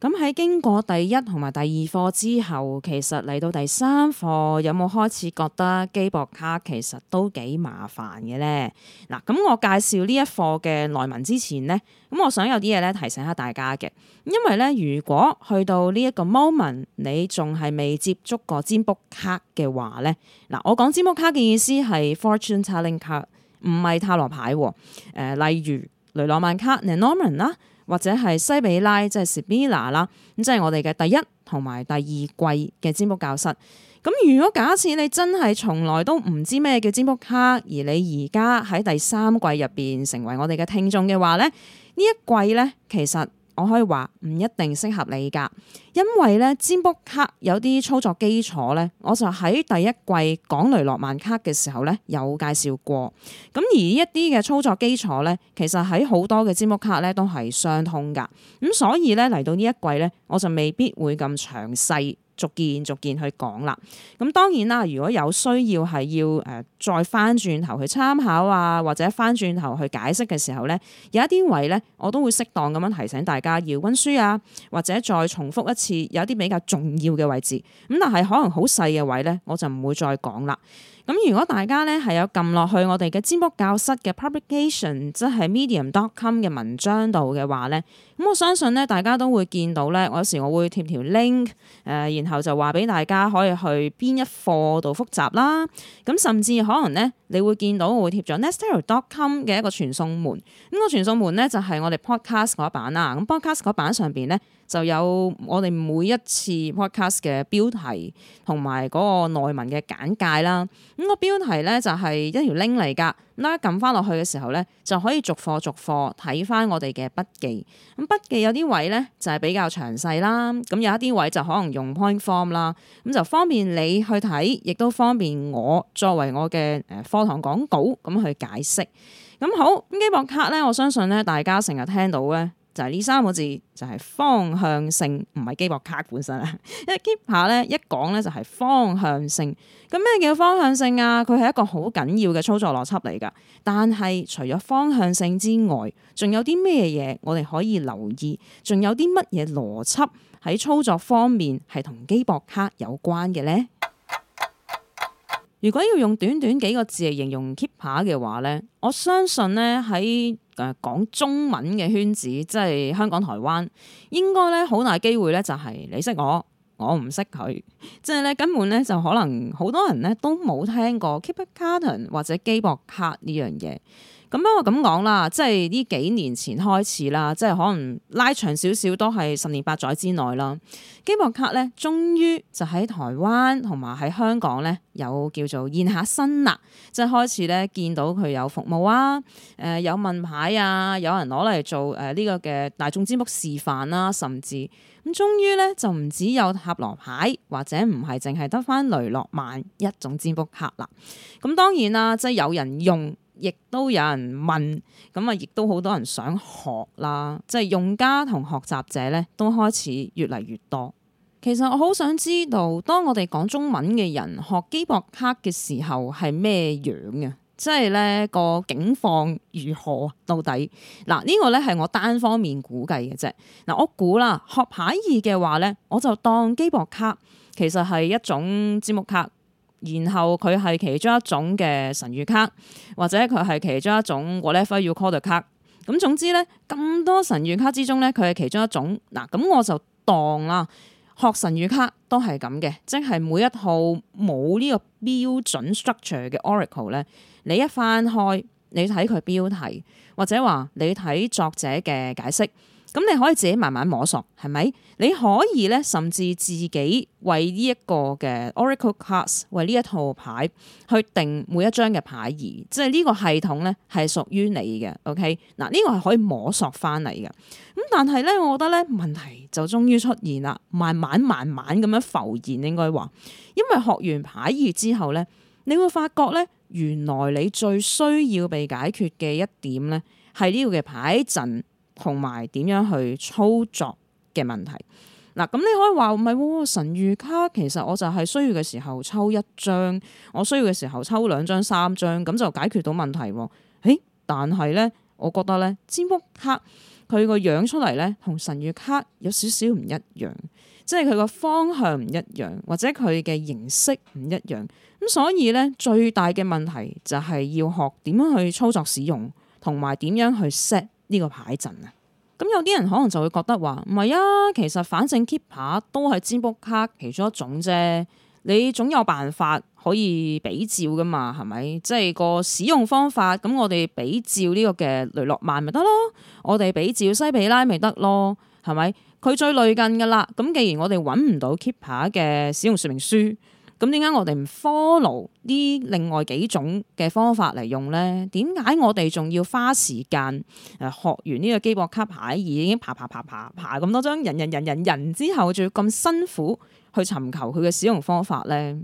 咁喺經過第一同埋第二課之後，其實嚟到第三課有冇開始覺得機博卡其實都幾麻煩嘅咧？嗱，咁我介紹呢一課嘅內文之前咧，咁我想有啲嘢咧提醒下大家嘅，因為咧如果去到呢一個 moment 你仲係未接觸過占卜卡嘅話咧，嗱，我講占卜卡嘅意思係 fortune telling card 唔係塔羅牌喎，呃，例如雷諾曼卡、Lenormand 啦。或者係西比拉、即係 Sibilla 啦，咁即係我哋嘅第一同埋第二季嘅占卜教室。咁如果假設你真係從來都唔知咩叫占卜卡，而你而家喺第三季入邊成為我哋嘅聽眾嘅話咧，呢一季咧其實。我可以話唔一定適合你噶，因為咧，占卜卡有啲操作基礎咧，我就喺第一季講雷諾曼卡嘅時候咧有介紹過，咁而一啲嘅操作基礎咧，其實喺好多嘅占卜卡咧都係相通噶，咁所以咧，嚟到呢一季咧，我就未必會咁詳細。逐件逐件去講啦，咁當然啦，如果有需要係要誒再翻轉頭去參考啊，或者翻轉頭去解釋嘅時候咧，有一啲位咧，我都會適當咁樣提醒大家要溫書啊，或者再重複一次有一啲比較重要嘅位置，咁但係可能好細嘅位咧，我就唔會再講啦。咁如果大家咧係有撳落去我哋嘅占卜教室嘅 publication，即係 medium.com 嘅文章度嘅話咧，咁我相信咧大家都會見到咧。我有時我會貼條 link，誒，然後就話俾大家可以去邊一課度複習啦。咁甚至可能咧，你會見到我會貼咗 nestero.com 嘅一個傳送門。咁個傳送門咧就係我哋 podcast 嗰版啦。咁 podcast 嗰版上邊咧，就有我哋每一次 podcast 嘅標題同埋嗰個內文嘅簡介啦。咁個標題咧就係一條 link 嚟㗎。咁撳翻落去嘅時候咧，就可以逐課逐課睇翻我哋嘅筆記。咁筆記有啲位咧就係比較詳細啦。咁有一啲位就可能用 point form 啦。咁就方便你去睇，亦都方便我作為我嘅誒課堂講稿咁去解釋。咁好，基博卡咧，我相信咧大家成日聽到咧。就係呢三個字，就係方向性，唔係機博卡本身啦。因 為 keep 下咧，一講咧就係方向性。咁咩叫方向性啊？佢係一個好緊要嘅操作邏輯嚟噶。但係除咗方向性之外，仲有啲咩嘢我哋可以留意？仲有啲乜嘢邏輯喺操作方面係同機博卡有關嘅咧？如果要用短短幾個字嚟形容 Keep 卡嘅話呢，我相信呢喺誒講中文嘅圈子，即係香港、台灣，應該呢好大機會呢就係你識我，我唔識佢，即係呢，根本呢就可能好多人呢都冇聽過 Keep 卡或者機博卡呢樣嘢。咁啊，我咁講啦，即係呢幾年前開始啦，即係可能拉長少少都係十年八載之內啦。基博卡咧，終於就喺台灣同埋喺香港咧，有叫做現下身啦，即係開始咧見到佢有服務啊，誒有問牌啊，有人攞嚟做誒呢個嘅大眾占卜示範啦，甚至咁終於咧就唔止有塔羅牌，或者唔係淨係得返雷諾曼一種占卜卡啦。咁當然啦，即係有人用。亦都有人問，咁啊，亦都好多人想學啦，即係用家同學習者咧都開始越嚟越多。其實我好想知道，當我哋講中文嘅人學機博卡嘅時候係咩樣嘅？即係咧個境況如何到底？嗱，呢個咧係我單方面估計嘅啫。嗱，我估啦，學牌義嘅話咧，我就當機博卡其實係一種字幕卡。然後佢係其中一種嘅神諭卡，或者佢係其中一種 whatever 要 call 嘅卡。咁總之呢，咁多神諭卡之中呢，佢係其中一種。嗱，咁我就當啦，學神諭卡都係咁嘅，即係每一套冇呢個標準 structure 嘅 Oracle 呢，你一翻開，你睇佢標題，或者話你睇作者嘅解釋。咁你可以自己慢慢摸索，係咪？你可以咧，甚至自己為呢一個嘅 Oracle Cards，為呢一套牌去定每一張嘅牌義，即係呢個系統咧係屬於你嘅。OK，嗱，呢個係可以摸索翻嚟嘅。咁但係咧，我覺得咧問題就終於出現啦，慢慢慢慢咁樣浮現，應該話，因為學完牌義之後咧，你會發覺咧，原來你最需要被解決嘅一點咧，係呢個嘅牌陣。同埋點樣去操作嘅問題嗱，咁你可以話唔係喎，神諭卡，其實我就係需要嘅時候抽一張，我需要嘅時候抽兩張、三張，咁就解決到問題喎。誒，但係咧，我覺得咧，占卜卡佢個樣出嚟咧，同神諭卡有少少唔一樣，即係佢個方向唔一樣，或者佢嘅形式唔一樣。咁所以咧，最大嘅問題就係要學點樣去操作使用，同埋點樣去 set 呢個牌陣啊，咁有啲人可能就會覺得話唔係啊，其實反正 Kipper 牌都係占卜卡其中一種啫，你總有辦法可以比照噶嘛，係咪？即係個使用方法，咁我哋比照呢個嘅雷諾曼咪得咯，我哋比照西比拉咪得咯，係咪？佢最類近噶啦，咁既然我哋揾唔到 Kipper 牌嘅使用說明書。咁點解我哋唔 follow 呢另外幾種嘅方法嚟用咧？點解我哋仲要花時間誒學完呢個基博卡牌已經爬爬爬爬爬咁多張人人人人人之後，仲要咁辛苦去尋求佢嘅使用方法咧？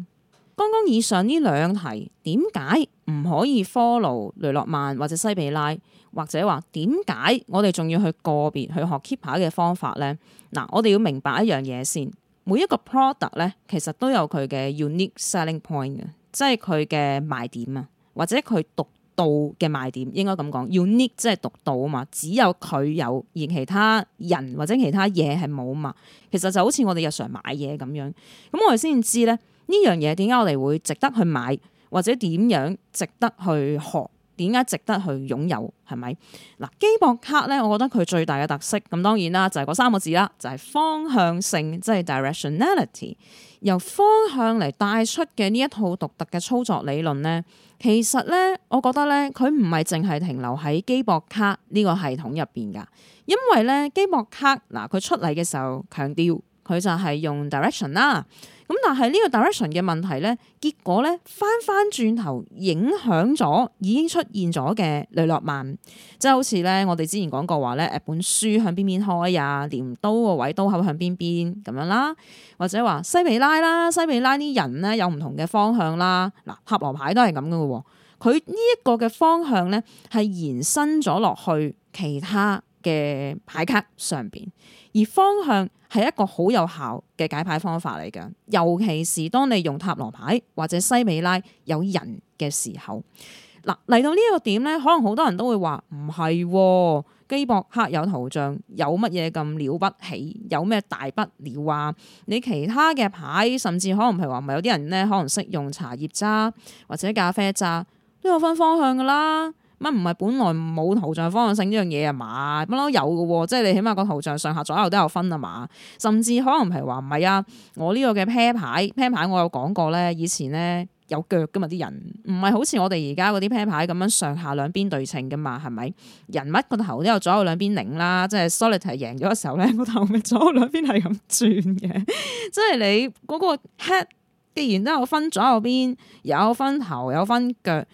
剛剛以上呢兩題，點解唔可以 follow 雷諾曼或者西比拉，或者話點解我哋仲要去個別去學 keep 牌嘅方法咧？嗱，我哋要明白一樣嘢先。每一個 product 咧，其實都有佢嘅 unique selling point 嘅，即係佢嘅賣點啊，或者佢獨到嘅賣點，應該咁講，unique 即係獨到啊嘛，只有佢有，而其他人或者其他嘢係冇啊嘛。其實就好似我哋日常買嘢咁樣，咁我哋先知咧呢樣嘢點解我哋會值得去買，或者點樣值得去學。點解值得去擁有係咪？嗱，基博卡咧，我覺得佢最大嘅特色咁當然啦，就係嗰三個字啦，就係方向性，即係 directionality，由方向嚟帶出嘅呢一套獨特嘅操作理論咧，其實咧，我覺得咧，佢唔係淨係停留喺基博卡呢個系統入邊噶，因為咧，基博卡嗱，佢出嚟嘅時候強調佢就係用 direction 啦。咁但係呢個 direction 嘅問題咧，結果咧翻翻轉頭影響咗已經出現咗嘅雷諾曼，即係好似咧我哋之前講過話咧，一本書向邊邊開呀？鐮刀個位刀口向邊邊咁樣啦，或者話西美拉啦，西美拉啲人咧有唔同嘅方向啦。嗱，塔羅牌都係咁嘅喎，佢呢一個嘅方向咧係延伸咗落去其他嘅牌卡上邊，而方向。係一個好有效嘅解牌方法嚟噶，尤其是當你用塔羅牌或者西美拉有人嘅時候。嗱，嚟到呢個點咧，可能好多人都會話唔係，基博克有圖像，有乜嘢咁了不起？有咩大不了啊？你其他嘅牌，甚至可能係話唔係有啲人咧，可能識用茶葉渣或者咖啡渣，都有分方向噶啦。乜唔係本來冇圖像方向性呢樣嘢啊嘛？不嬲有嘅喎，即係你起碼個圖像上下左右都有分啊嘛。甚至可能係話唔係啊，我呢個嘅 pair 牌 pair 牌我有講過咧，以前咧有腳噶嘛啲人，唔係好似我哋而家嗰啲 pair 牌咁樣上下兩邊對稱嘅嘛，係咪？人物個頭都有左右兩邊擰啦，即係 solitaire 贏咗嘅時候咧，個頭咪左右兩邊係咁轉嘅， 即係你嗰個 head 既然都有分左右邊，有分頭有分腳。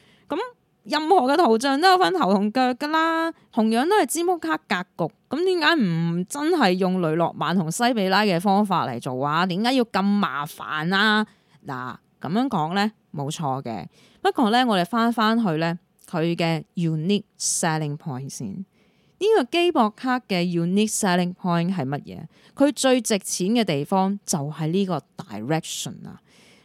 任何嘅圖像都有分頭同腳噶啦，同樣都係基博卡格局。咁點解唔真係用雷諾曼同西比拉嘅方法嚟做啊？點解要咁麻煩啊？嗱，咁樣講咧冇錯嘅。不過咧，我哋翻翻去咧，佢嘅 unique selling point 先。呢個基博卡嘅 unique selling point 係乜嘢？佢最值錢嘅地方就係呢個 direction 啊。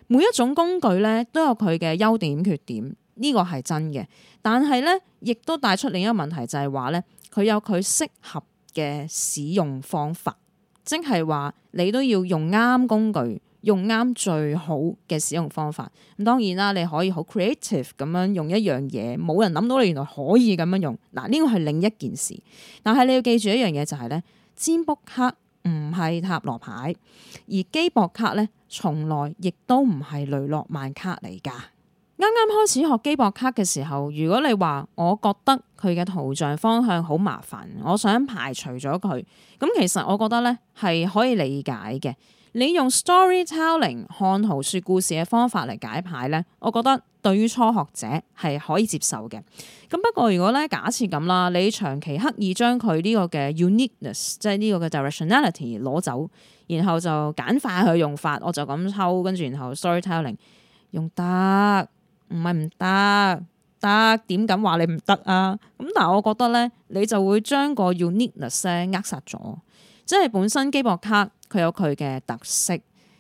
每一種工具咧都有佢嘅優點缺點。呢個係真嘅，但係咧，亦都帶出另一個問題就，就係話咧，佢有佢適合嘅使用方法，即係話你都要用啱工具，用啱最好嘅使用方法。咁當然啦，你可以好 creative 咁樣用一樣嘢，冇人諗到你原來可以咁樣用。嗱，呢個係另一件事。但係你要記住一樣嘢就係、是、咧，占卜卡唔係塔羅牌，而機博卡咧，從來亦都唔係雷諾曼卡嚟㗎。啱啱開始學基博卡嘅時候，如果你話我覺得佢嘅圖像方向好麻煩，我想排除咗佢，咁其實我覺得咧係可以理解嘅。你用 storytelling 看圖説故事嘅方法嚟解牌咧，我覺得對於初學者係可以接受嘅。咁不過如果咧假設咁啦，你長期刻意將佢呢個嘅 uniqueness，即係呢個嘅 directionality 攞走，然後就簡化佢用法，我就咁抽，跟住然後 storytelling 用得。唔係唔得，得，點敢話你唔得啊？咁但係我覺得咧，你就會將個 uniqueness 扼殺咗，即係本身基博卡佢有佢嘅特色，而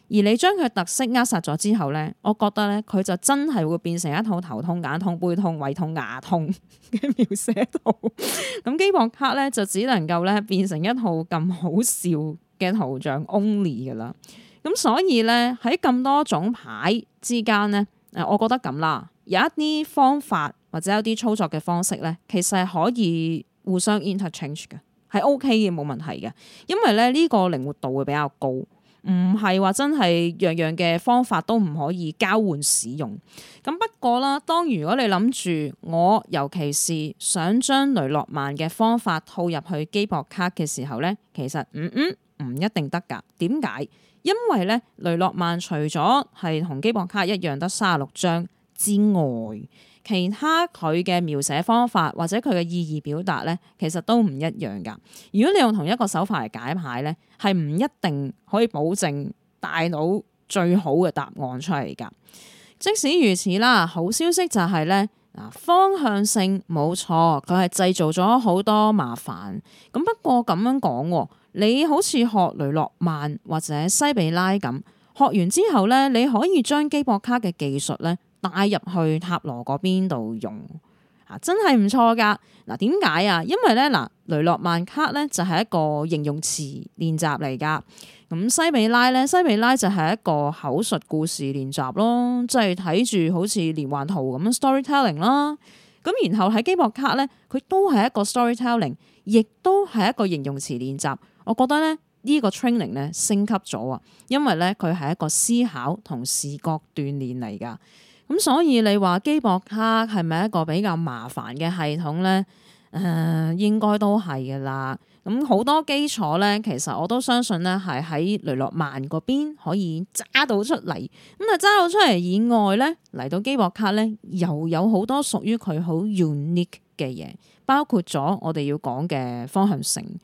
你將佢特色扼殺咗之後咧，我覺得咧佢就真係會變成一套頭痛眼痛背痛胃痛牙痛嘅描寫圖，咁基博卡咧就只能夠咧變成一套咁好笑嘅圖像 only 噶啦。咁所以咧喺咁多種牌之間咧。誒，我覺得咁啦，有一啲方法或者有啲操作嘅方式咧，其實係可以互相 interchange 嘅，係 OK 嘅，冇問題嘅。因為咧呢個靈活度會比較高，唔係話真係樣樣嘅方法都唔可以交換使用。咁不過啦，當如果你諗住我，尤其是想將雷諾曼嘅方法套入去機博卡嘅時候咧，其實嗯嗯唔一定得㗎。點解？因為咧，雷諾曼除咗係同基博卡一樣得卅六張之外，其他佢嘅描寫方法或者佢嘅意義表達咧，其實都唔一樣噶。如果你用同一個手法嚟解牌咧，係唔一定可以保證大佬最好嘅答案出嚟噶。即使如此啦，好消息就係、是、咧，啊方向性冇錯，佢係製造咗好多麻煩。咁不過咁樣講。你好似學雷諾曼或者西比拉咁，學完之後咧，你可以將基博卡嘅技術咧帶入去塔羅嗰邊度用，啊，真係唔錯噶。嗱，點解啊？因為咧，嗱，雷諾曼卡咧就係一個形容詞練習嚟噶，咁西比拉咧，西比拉就係一個口述故事練習咯，即係睇住好似連環圖咁樣 storytelling 啦。咁然後喺基博卡咧，佢都係一個 storytelling，亦都係一個形容詞練習。我覺得咧，這個、呢個 training 咧升級咗啊，因為咧佢係一個思考同視覺鍛煉嚟噶。咁、嗯、所以你話基博卡係咪一個比較麻煩嘅系統咧？誒、呃，應該都係噶啦。咁、嗯、好多基礎咧，其實我都相信咧，係喺雷諾曼嗰邊可以揸到出嚟。咁啊，揸到出嚟以外咧，嚟到基博卡咧，又有好多屬於佢好 unique 嘅嘢，包括咗我哋要講嘅方向性。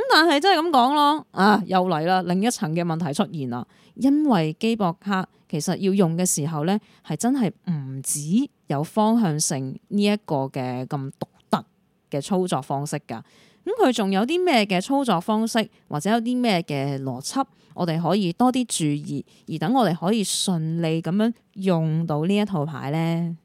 咁但係真係咁講咯，啊又嚟啦，另一層嘅問題出現啦，因為基博卡其實要用嘅時候咧，係真係唔止有方向性呢一個嘅咁獨特嘅操作方式噶，咁佢仲有啲咩嘅操作方式，或者有啲咩嘅邏輯，我哋可以多啲注意，而等我哋可以順利咁樣用到呢一套牌咧。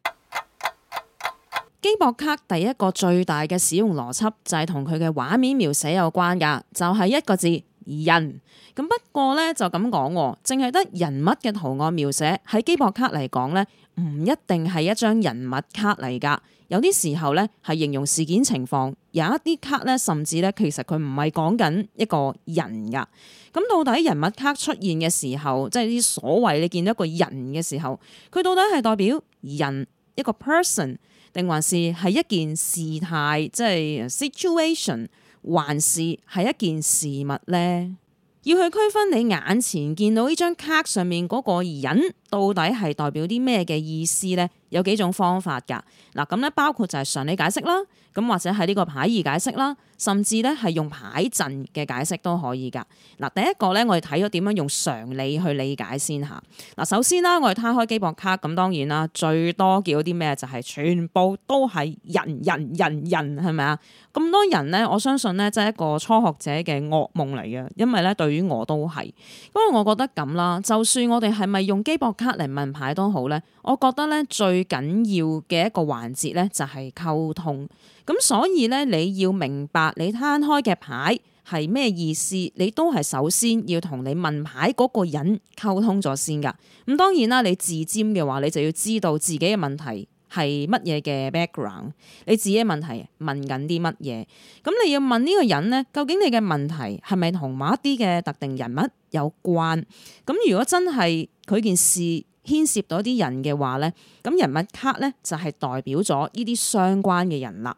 機博卡，第一個最大嘅使用邏輯就係同佢嘅畫面描寫有關噶，就係一個字，人咁。不過咧就咁講，淨係得人物嘅圖案描寫喺機博卡嚟講咧，唔一定係一張人物卡嚟噶。有啲時候咧係形容事件情況，有一啲卡咧甚至咧其實佢唔係講緊一個人噶。咁到底人物卡出現嘅時候，即係啲所謂你見到一個人嘅時候，佢到底係代表人一個 person？定還是係一件事態，即係 situation，還是係一件事物呢？要去區分你眼前見到呢張卡上面嗰個人。到底係代表啲咩嘅意思呢？有幾種方法㗎？嗱，咁咧包括就係常理解釋啦，咁或者係呢個牌意解釋啦，甚至咧係用牌陣嘅解釋都可以㗎。嗱，第一個咧，我哋睇咗點樣用常理去理解先嚇。嗱，首先啦，我哋攤開機博卡，咁當然啦，最多叫啲咩就係全部都係人人人人係咪啊？咁多人呢，我相信呢，即係一個初學者嘅噩夢嚟嘅，因為呢，對於我都係，不過我覺得咁啦，就算我哋係咪用機博卡嚟問牌都好咧，我覺得咧最緊要嘅一個環節咧就係溝通，咁所以咧，你要明白你攤開嘅牌係咩意思，你都係首先要同你問牌嗰個人溝通咗先噶。咁當然啦，你自佔嘅話，你就要知道自己嘅問題。係乜嘢嘅 background？你自己嘅問題問緊啲乜嘢？咁你要問呢個人咧，究竟你嘅問題係咪同某一啲嘅特定人物有關？咁如果真係佢件事牽涉到啲人嘅話咧，咁人物卡咧就係代表咗呢啲相關嘅人啦。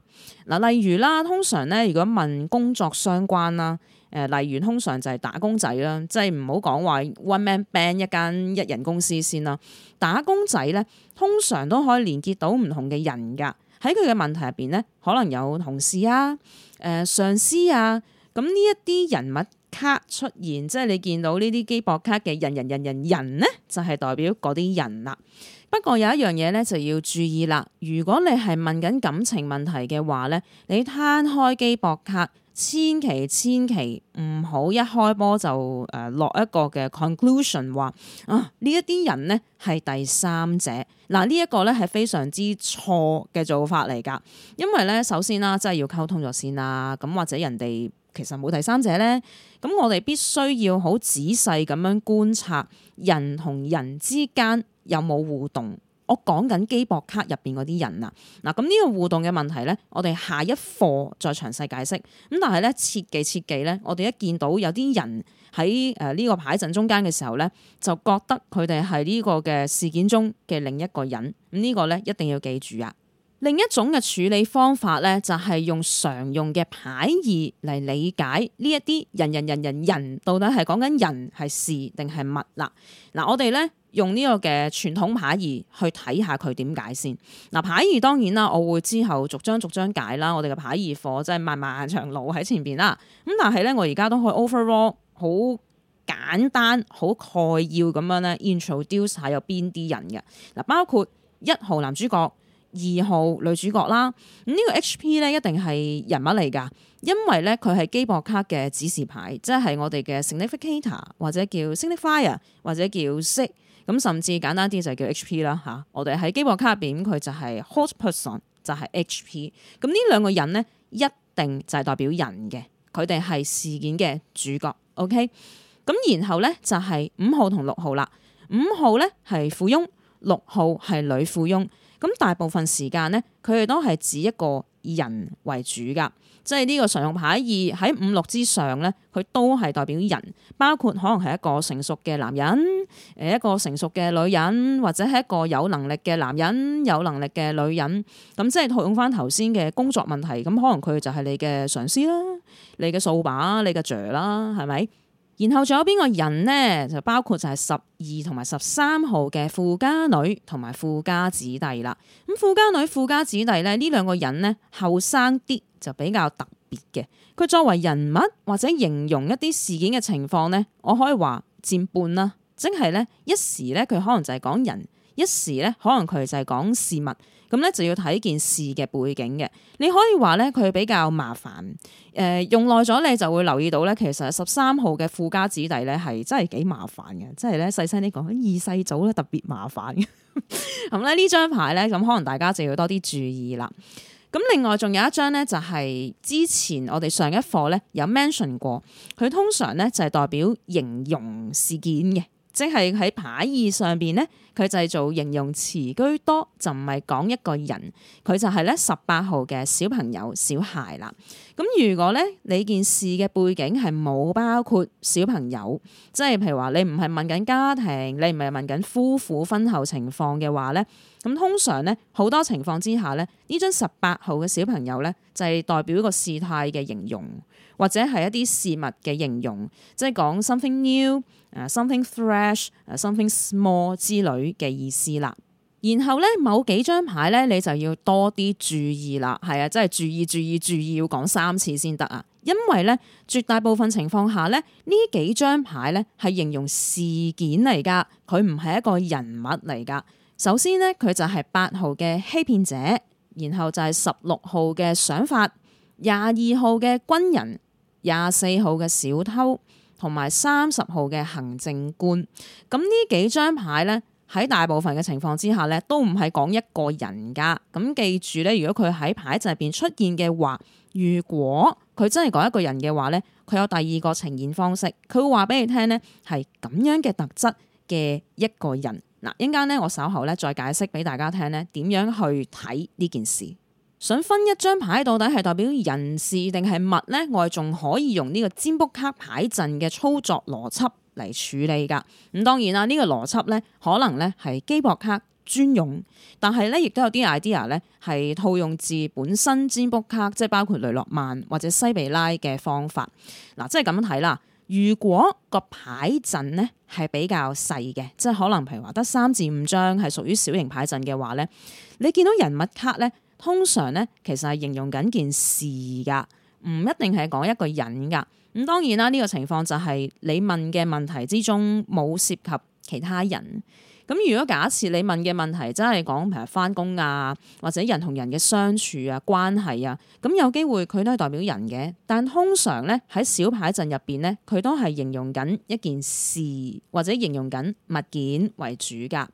嗱，例如啦，通常咧，如果問工作相關啦。誒，例如通常就係打工仔啦，即係唔好講話 One Man Band，一間一人公司先啦。打工仔咧，通常都可以連結到唔同嘅人噶。喺佢嘅問題入邊咧，可能有同事啊、誒、呃、上司啊，咁呢一啲人物卡出現，即係你見到呢啲機博卡嘅人，人人人人人呢，就係、是、代表嗰啲人啦。不過有一樣嘢咧就要注意啦，如果你係問緊感情問題嘅話咧，你攤開機博卡，千祈千祈唔好一開波就誒落、呃、一個嘅 conclusion 話啊呢一啲人咧係第三者，嗱、啊這個、呢一個咧係非常之錯嘅做法嚟噶，因為咧首先啦，真係要溝通咗先啦，咁或者人哋。其實冇第三者咧，咁我哋必須要好仔細咁樣觀察人同人之間有冇互動。我講緊機博卡入邊嗰啲人啊，嗱咁呢個互動嘅問題咧，我哋下一課再詳細解釋。咁但係咧，切記切記咧，我哋一見到有啲人喺誒呢個牌陣中間嘅時候咧，就覺得佢哋係呢個嘅事件中嘅另一個人。咁、這個、呢個咧，一定要記住啊！另一種嘅處理方法咧，就係、係、用常用嘅牌意嚟理解呢一啲人、人、人人人、人到底係講緊人係事定係物啦。嗱，我哋咧用呢個嘅傳統牌意去睇下佢點解先嗱。牌意當然啦，我會之後逐張逐張解啦。我哋嘅牌意課即係漫漫長路喺前邊啦。咁但係咧，我而家都可以 overall 好簡單、好概要咁樣咧 introduce 下有邊啲人嘅嗱，包括一號男主角。二號女主角啦，咁、這、呢個 H.P. 咧一定係人物嚟噶，因為咧佢係基博卡嘅指示牌，即係我哋嘅 significator 或者叫 signifier 或者叫識，咁甚至簡單啲就叫 H.P. 啦吓，我哋喺基博卡入邊，佢就係 host person，就係 H.P. 咁呢兩個人咧一定就係代表人嘅，佢哋係事件嘅主角。OK，咁然後咧就係五號同六號啦，五號咧係富翁，六號係女富翁。咁大部分時間咧，佢哋都係指一個人為主噶，即係呢個常用牌二喺五六之上咧，佢都係代表人，包括可能係一個成熟嘅男人，誒一個成熟嘅女人，或者係一個有能力嘅男人、有能力嘅女人。咁即係套用翻頭先嘅工作問題，咁可能佢就係你嘅上司啦，你嘅掃把，你嘅雀啦，係咪？然後仲有邊個人呢？就包括就係十二同埋十三號嘅富家女同埋富家子弟啦。咁富家女、富家子弟咧，呢兩個人呢，後生啲就比較特別嘅。佢作為人物或者形容一啲事件嘅情況呢，我可以話佔半啦。即係呢，一時呢，佢可能就係講人，一時呢，可能佢就係講事物。咁咧就要睇件事嘅背景嘅，你可以話咧佢比較麻煩，誒、呃、用耐咗你就會留意到咧，其實十三號嘅富家子弟咧係真係幾麻煩嘅，即係咧細聲啲講，二世祖咧特別麻煩嘅，咁咧呢張牌咧咁可能大家就要多啲注意啦。咁另外仲有一張咧就係之前我哋上一課咧有 mention 過，佢通常咧就係代表形容事件嘅。即係喺牌意上邊咧，佢就係做形容詞居多，就唔係講一個人。佢就係咧十八號嘅小朋友、小孩啦。咁如果咧你件事嘅背景係冇包括小朋友，即係譬如話你唔係問緊家庭，你唔係問緊夫婦婚後情況嘅話咧，咁通常咧好多情況之下咧，呢張十八號嘅小朋友咧就係、是、代表一個事態嘅形容。或者係一啲事物嘅形容，即係講 something new，something fresh，something small 之類嘅意思啦。然後咧，某幾張牌咧，你就要多啲注意啦。係啊，真係注意注意注意，要講三次先得啊。因為咧，絕大部分情況下咧，呢幾張牌咧係形容事件嚟㗎，佢唔係一個人物嚟㗎。首先咧，佢就係八號嘅欺騙者，然後就係十六號嘅想法，廿二號嘅軍人。廿四號嘅小偷同埋三十號嘅行政官，咁呢幾張牌呢，喺大部分嘅情況之下呢，都唔係講一個人㗎。咁記住呢，如果佢喺牌仔入邊出現嘅話，如果佢真係講一個人嘅話呢，佢有第二個呈現方式，佢會話俾你聽呢，係咁樣嘅特質嘅一個人。嗱，一陣間呢，我稍後呢再解釋俾大家聽呢點樣去睇呢件事。想分一張牌到底係代表人事定係物呢？我哋仲可以用呢個占卜卡牌陣嘅操作邏輯嚟處理㗎。咁、嗯、當然啦，這個、邏輯，呢個邏輯呢可能呢係基博卡專用，但係呢亦都有啲 idea 呢係套用自本身占卜卡，即係包括雷諾曼或者西比拉嘅方法。嗱、啊，即係咁樣睇啦。如果個牌陣呢係比較細嘅，即係可能譬如話得三至五張，係屬於小型牌陣嘅話呢，你見到人物卡呢。通常咧，其實係形容緊件事噶，唔一定係講一個人噶。咁、嗯、當然啦，呢、這個情況就係你問嘅問題之中冇涉及其他人。咁、嗯、如果假設你問嘅問題真係講譬如返工啊，或者人同人嘅相處啊、關係啊，咁、嗯、有機會佢都係代表人嘅。但通常咧喺小牌陣入邊咧，佢都係形容緊一件事或者形容緊物件為主噶。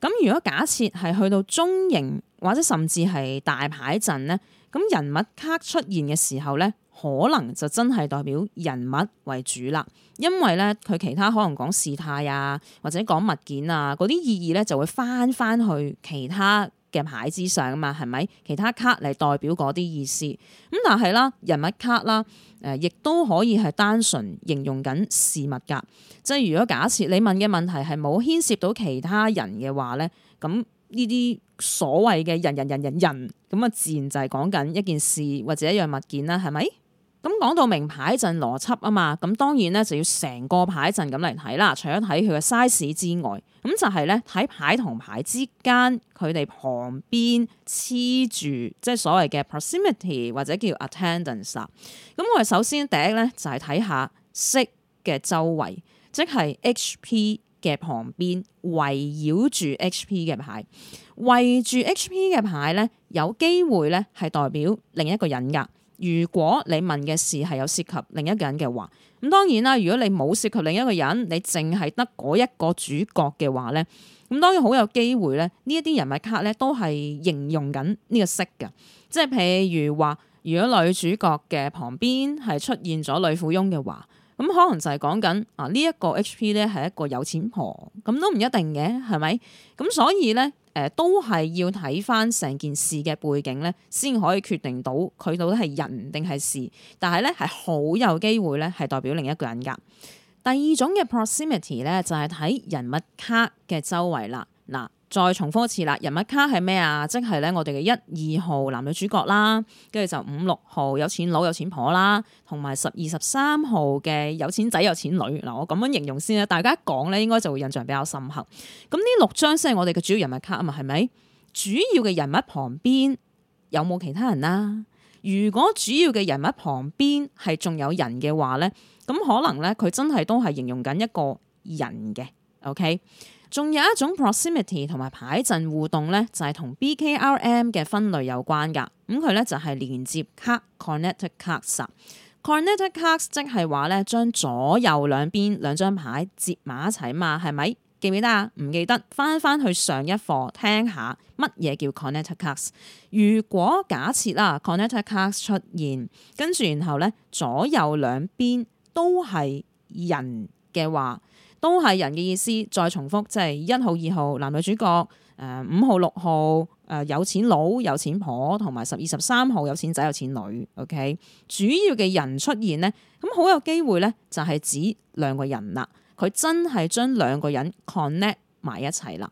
咁、嗯、如果假設係去到中型。或者甚至係大牌陣咧，咁人物卡出現嘅時候咧，可能就真係代表人物為主啦。因為咧，佢其他可能講事態啊，或者講物件啊，嗰啲意義咧就會返返去其他嘅牌之上啊嘛，係咪？其他卡嚟代表嗰啲意思。咁但係啦，人物卡啦，誒、呃，亦都可以係單純形容緊事物㗎。即係如果假設你問嘅問題係冇牽涉到其他人嘅話咧，咁呢啲。所謂嘅人人人人人咁啊，自然就係講緊一件事或者一樣物件啦，係咪？咁講到名牌陣邏輯啊嘛，咁當然咧就要成個牌陣咁嚟睇啦。除咗睇佢嘅 size 之外，咁就係咧睇牌同牌之間佢哋旁邊黐住，即係所謂嘅 proximity 或者叫 attendance。咁我哋首先第一咧就係睇下色嘅周圍，即係 HP。嘅旁邊圍繞住 HP 嘅牌，圍住 HP 嘅牌咧，有機會咧係代表另一個人噶。如果你問嘅事係有涉及另一個人嘅話，咁當然啦。如果你冇涉及另一個人，你淨係得嗰一個主角嘅話咧，咁當然好有機會咧。呢一啲人物卡咧，都係形容緊呢個色嘅，即係譬如話，如果女主角嘅旁邊係出現咗女富翁嘅話。咁可能就係講緊啊呢一、這個 H.P. 咧係一個有錢婆，咁都唔一定嘅，係咪？咁所以咧，誒、呃、都係要睇翻成件事嘅背景咧，先可以決定到佢到底係人定係事。但係咧係好有機會咧，係代表另一個人㗎。第二種嘅 proximity 咧就係、是、睇人物卡嘅周圍啦，嗱。再重複一次啦，人物卡係咩啊？即係咧，我哋嘅一、二號男女主角啦，跟住就五六號有錢佬、有錢婆啦，同埋十二、十三號嘅有錢仔、有錢女。嗱，我咁樣形容先啦，大家一講咧，應該就會印象比較深刻。咁呢六張先係我哋嘅主要人物卡啊嘛，係咪？主要嘅人物旁邊有冇其他人啦啊？如果主要嘅人物旁邊係仲有人嘅話咧，咁可能咧佢真係都係形容緊一個人嘅。OK。仲有一種 proximity 同埋牌陣互動咧，就係同 BKRM 嘅分類有關㗎。咁佢咧就係連接卡 car connector cards，connector cards 即係話咧將左右兩邊兩張牌接埋一齊啊嘛，係咪記唔記得啊？唔記得，翻翻去上一課聽下乜嘢叫 connector cards。如果假設啦，connector cards 出現，跟住然後咧左右兩邊都係人嘅話，都係人嘅意思，再重複，即係一號、二號男女主角，誒五號、六號誒有錢佬、有錢婆，同埋十二、十三號有錢仔、有錢女。OK，主要嘅人出現呢，咁好有機會呢，就係指兩個人啦。佢真係將兩個人 connect 埋一齊啦。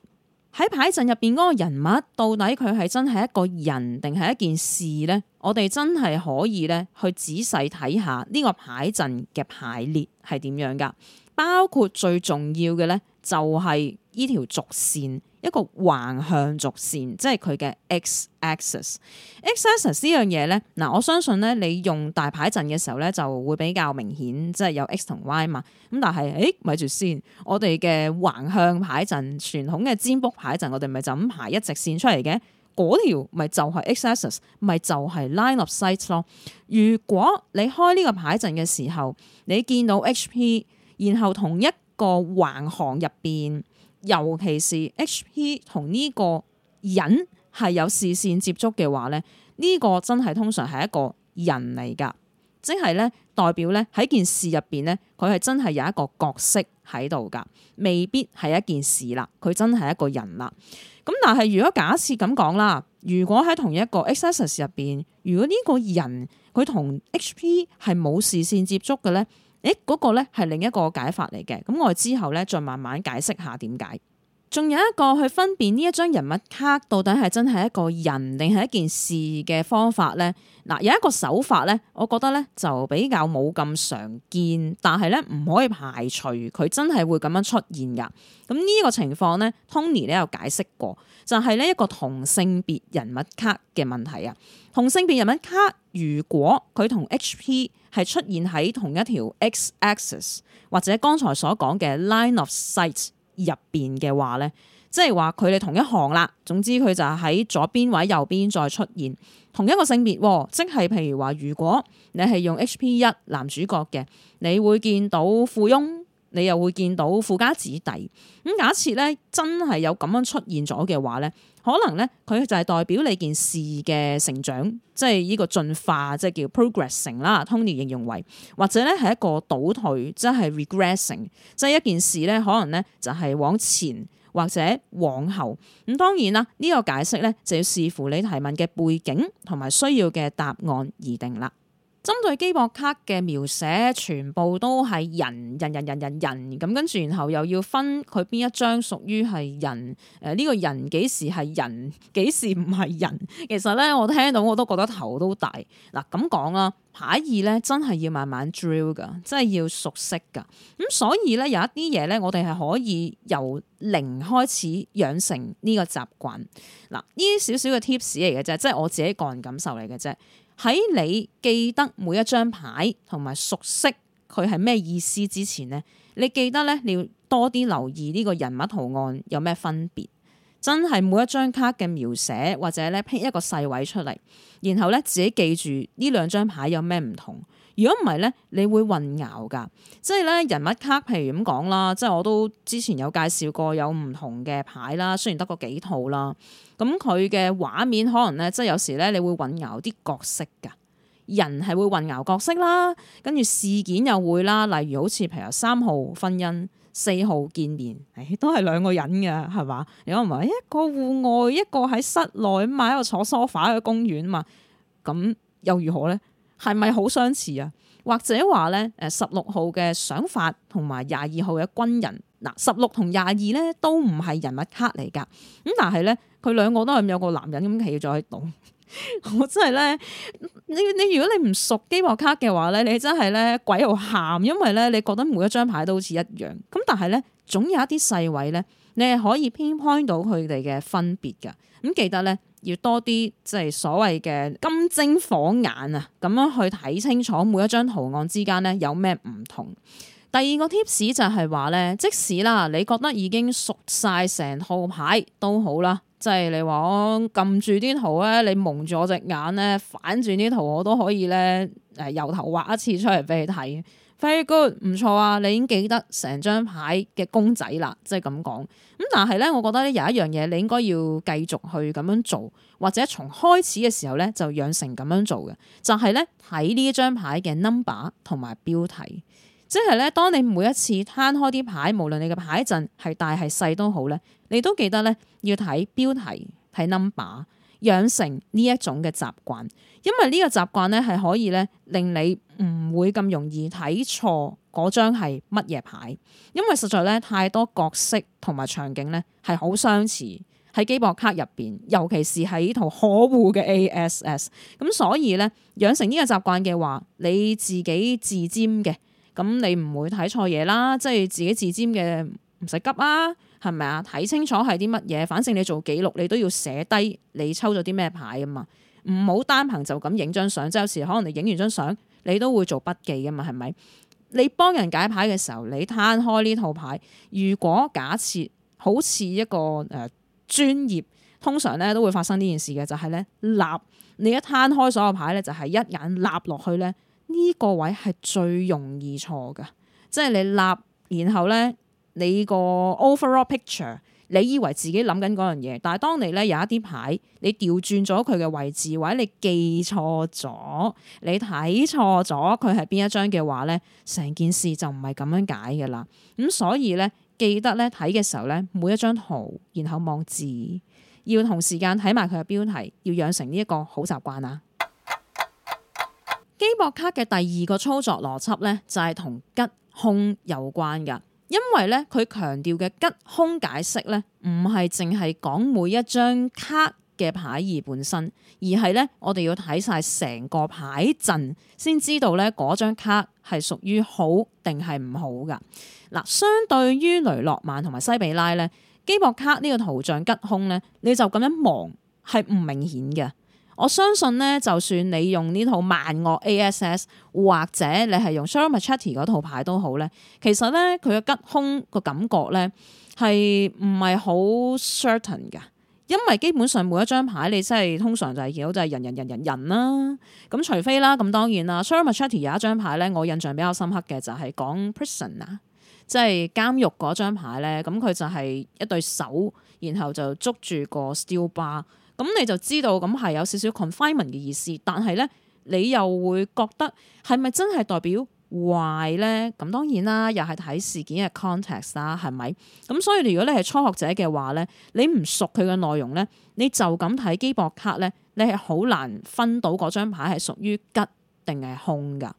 喺牌陣入邊嗰個人物，到底佢係真係一個人，定係一件事呢？我哋真係可以呢，去仔細睇下呢個牌陣嘅排列係點樣噶。包括最重要嘅咧，就係呢條軸線，一個橫向軸線，即係佢嘅 x-axis。x-axis 呢樣嘢咧，嗱，我相信咧，你用大牌陣嘅時候咧，就會比較明顯，即係有 x 同 y 嘛。咁但係，誒，咪住先，我哋嘅橫向牌陣，傳統嘅佔卜牌陣，我哋咪就咁排一直線出嚟嘅，嗰條咪就係 x-axis，咪就係 line of sights 咯。如果你開呢個牌陣嘅時候，你見到 HP。然後同一個橫行入邊，尤其是 H.P 同呢個人係有視線接觸嘅話咧，呢個真係通常係一個人嚟㗎，即係咧代表咧喺件事入邊咧，佢係真係有一個角色喺度㗎，未必係一件事啦，佢真係一個人啦。咁但係如果假設咁講啦，如果喺同一個 excess 入邊，如果呢個人佢同 H.P 係冇視線接觸嘅咧？誒，嗰個咧係另一個解法嚟嘅，咁我哋之後咧再慢慢解釋下點解。仲有一個去分辨呢一張人物卡到底係真係一個人定係一件事嘅方法呢？嗱、呃，有一個手法呢，我覺得呢就比較冇咁常見，但係呢唔可以排除佢真係會咁樣出現噶。咁呢個情況呢，Tony 呢有解釋過，就係、係、呢一個同性別人物卡嘅問題啊。同性別人物卡如果佢同 HP 係出現喺同一條 X axis 或者剛才所講嘅 line of sight。入邊嘅話咧，即係話佢哋同一行啦。總之佢就喺左邊或者右邊再出現同一個性別，即係譬如話如果你係用 HP 一男主角嘅，你會見到富翁。你又會見到富家子弟咁，假設咧真係有咁樣出現咗嘅話咧，可能咧佢就係代表你件事嘅成長，即係呢個進化，即係叫 progressing 啦。Tony 形容為或者咧係一個倒退，即係 regressing，即係一件事咧可能咧就係往前或者往後。咁當然啦，呢個解釋咧就要視乎你提問嘅背景同埋需要嘅答案而定啦。針對基博卡嘅描寫，全部都係人，人人人人人人咁，跟住然後又要分佢邊一張屬於係人，誒、呃、呢、這個人幾時係人，幾時唔係人？其實咧，我聽到我都覺得頭都大。嗱咁講啦，牌二咧真係要慢慢 drill 噶，真係要熟悉噶。咁、嗯、所以咧有一啲嘢咧，我哋係可以由零開始養成呢個習慣。嗱、啊，呢啲少少嘅 tips 嚟嘅啫，即係我自己個人感受嚟嘅啫。喺你記得每一張牌同埋熟悉佢係咩意思之前咧，你記得咧你要多啲留意呢個人物圖案有咩分別。真係每一張卡嘅描寫或者咧拼一個細位出嚟，然後咧自己記住呢兩張牌有咩唔同。如果唔係咧，你會混淆㗎，即係咧人物卡，譬如咁講啦，即係我都之前有介紹過，有唔同嘅牌啦，雖然得個幾套啦，咁佢嘅畫面可能咧，即係有時咧，你會混淆啲角色㗎，人係會混淆角色啦，跟住事件又會啦，例如好似譬如三號婚姻、四號見面，誒都係兩個人嘅係嘛？如果唔係一個戶外，一個喺室內嘛，一個坐 sofa 喺公園嘛，咁又如何咧？係咪好相似啊？或者話咧，誒，十六號嘅想法同埋廿二號嘅軍人嗱，十六同廿二咧都唔係人物卡嚟噶。咁但係咧，佢兩個都係有個男人咁，企咗喺度。我真係咧，你你如果你唔熟機博卡嘅話咧，你真係咧鬼都喊，因為咧你覺得每一張牌都好似一樣。咁但係咧，總有一啲細位咧，你係可以 pinpoint 到佢哋嘅分別噶。咁記得咧。要多啲即係所謂嘅金睛火眼啊，咁樣去睇清楚每一張圖案之間咧有咩唔同。第二個 tips 就係話咧，即使啦，你覺得已經熟晒成套牌都好啦，即係你話我撳住啲圖咧，你蒙住我隻眼咧，反轉啲圖我都可以咧，誒由頭畫一次出嚟俾你睇。Very good，唔錯啊！你已經記得成張牌嘅公仔啦，即係咁講。咁但係咧，我覺得咧有一樣嘢你應該要繼續去咁樣做，或者從開始嘅時候咧就養成咁樣做嘅，就係咧睇呢張牌嘅 number 同埋標題。即係咧，當你每一次攤開啲牌，無論你嘅牌陣係大係細都好咧，你都記得咧要睇標題睇 number。養成呢一種嘅習慣，因為呢個習慣咧係可以咧令你唔會咁容易睇錯嗰張係乜嘢牌，因為實在咧太多角色同埋場景咧係好相似喺機博卡入邊，尤其是喺呢套可惡嘅 ASS，咁所以咧養成呢個習慣嘅話，你自己自佔嘅，咁你唔會睇錯嘢啦，即係自己自佔嘅唔使急啊！係咪啊？睇清楚係啲乜嘢？反正你做記錄，你都要寫低你抽咗啲咩牌啊嘛。唔好單憑就咁影張相。即係有時可能你影完張相，你都會做筆記噶嘛，係咪？你幫人解牌嘅時候，你攤開呢套牌。如果假設好似一個誒專業，通常咧都會發生呢件事嘅，就係咧立你一攤開所有牌咧，就係一眼立落去咧呢個位係最容易錯噶。即係你立然後咧。你個 overall picture，你以為自己諗緊嗰樣嘢，但係當你咧有一啲牌，你調轉咗佢嘅位置，或者你記錯咗，你睇錯咗佢係邊一張嘅話咧，成件事就唔係咁樣解嘅啦。咁、嗯、所以咧，記得咧睇嘅時候咧，每一張圖，然後望字，要同時間睇埋佢嘅標題，要養成呢、這、一個好習慣啊。基博卡嘅第二個操作邏輯咧，就係、是、同吉凶有關嘅。因為咧，佢強調嘅吉凶解釋咧，唔係淨係講每一張卡嘅牌意本身，而係咧，我哋要睇晒成個牌陣，先知道咧嗰張卡係屬於好定係唔好噶。嗱，相對於雷諾曼同埋西比拉咧，基博卡呢個圖像吉凶咧，你就咁樣望係唔明顯嘅。我相信咧，就算你用呢套萬惡 ASS，或者你係用 Sherlock Chatty 嗰套牌都好咧，其實咧佢嘅吉凶個感覺咧係唔係好 certain 嘅，因為基本上每一張牌你真、就、係、是、通常就係幾好，就係人人人人人啦、啊。咁除非啦，咁當然啦，Sherlock Chatty 有一張牌咧，我印象比較深刻嘅就係、是、講 prison 啊、er，即係監獄嗰張牌咧，咁佢就係一對手，然後就捉住個 steel bar。咁你就知道咁係有少少 confinement 嘅意思，但係咧你又會覺得係咪真係代表壞咧？咁當然啦，又係睇事件嘅 context 啦，係咪？咁所以如果你係初學者嘅話咧，你唔熟佢嘅內容咧，你就咁睇機博卡咧，你係好難分到嗰張牌係屬於吉定係兇噶。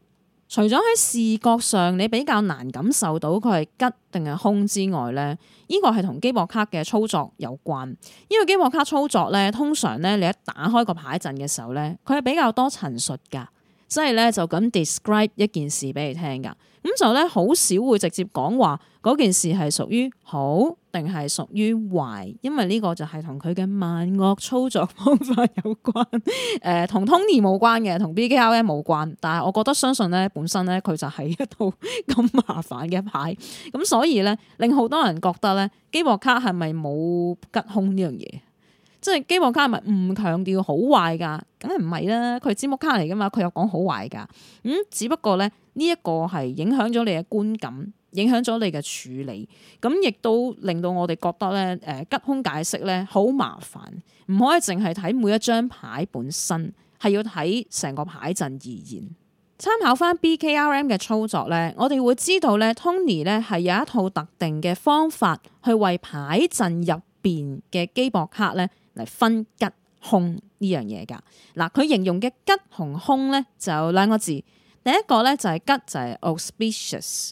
除咗喺視覺上你比較難感受到佢係吉定係兇之外咧，呢個係同基博卡嘅操作有關。因為基博卡操作咧，通常咧你一打開個牌陣嘅時候咧，佢係比較多陳述㗎，即係咧就咁 describe 一件事俾你聽㗎，咁就咧好少會直接講話。嗰件事係屬於好定係屬於壞？因為呢個就係同佢嘅萬惡操作方法有關、 呃，誒，同 Tony 冇關嘅，同 BGL 冇關。但係我覺得相信咧，本身咧佢就係一套咁麻煩嘅牌。咁所以咧令好多人覺得咧，機博卡係咪冇吉凶呢樣嘢？即係機博卡係咪唔強調好壞噶。梗係唔係啦，佢占卜卡嚟噶嘛？佢有講好壞噶。咁、嗯、只不過咧，呢、這、一個係影響咗你嘅觀感。影響咗你嘅處理，咁亦都令到我哋覺得咧，誒、呃、吉凶解釋咧好麻煩，唔可以淨係睇每一張牌本身，係要睇成個牌陣而言。參考返 BKRM 嘅操作咧，我哋會知道咧，Tony 咧係有一套特定嘅方法去為牌陣入邊嘅基博克咧嚟分吉凶呢樣嘢㗎。嗱，佢形容嘅吉同凶咧就兩個字，第一個咧就係吉就係 auspicious。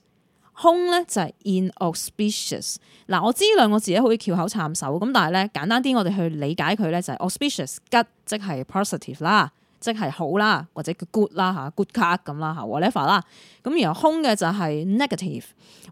空咧就係 inauspicious。嗱，我知呢兩個字咧可以翹口撐手咁，但係咧簡單啲，我哋去理解佢咧就係 auspicious，吉即係 positive 啦，即係好啦，或者 good 啦嚇，good card 咁啦嚇，whatever 啦。咁然後空嘅就係 negative，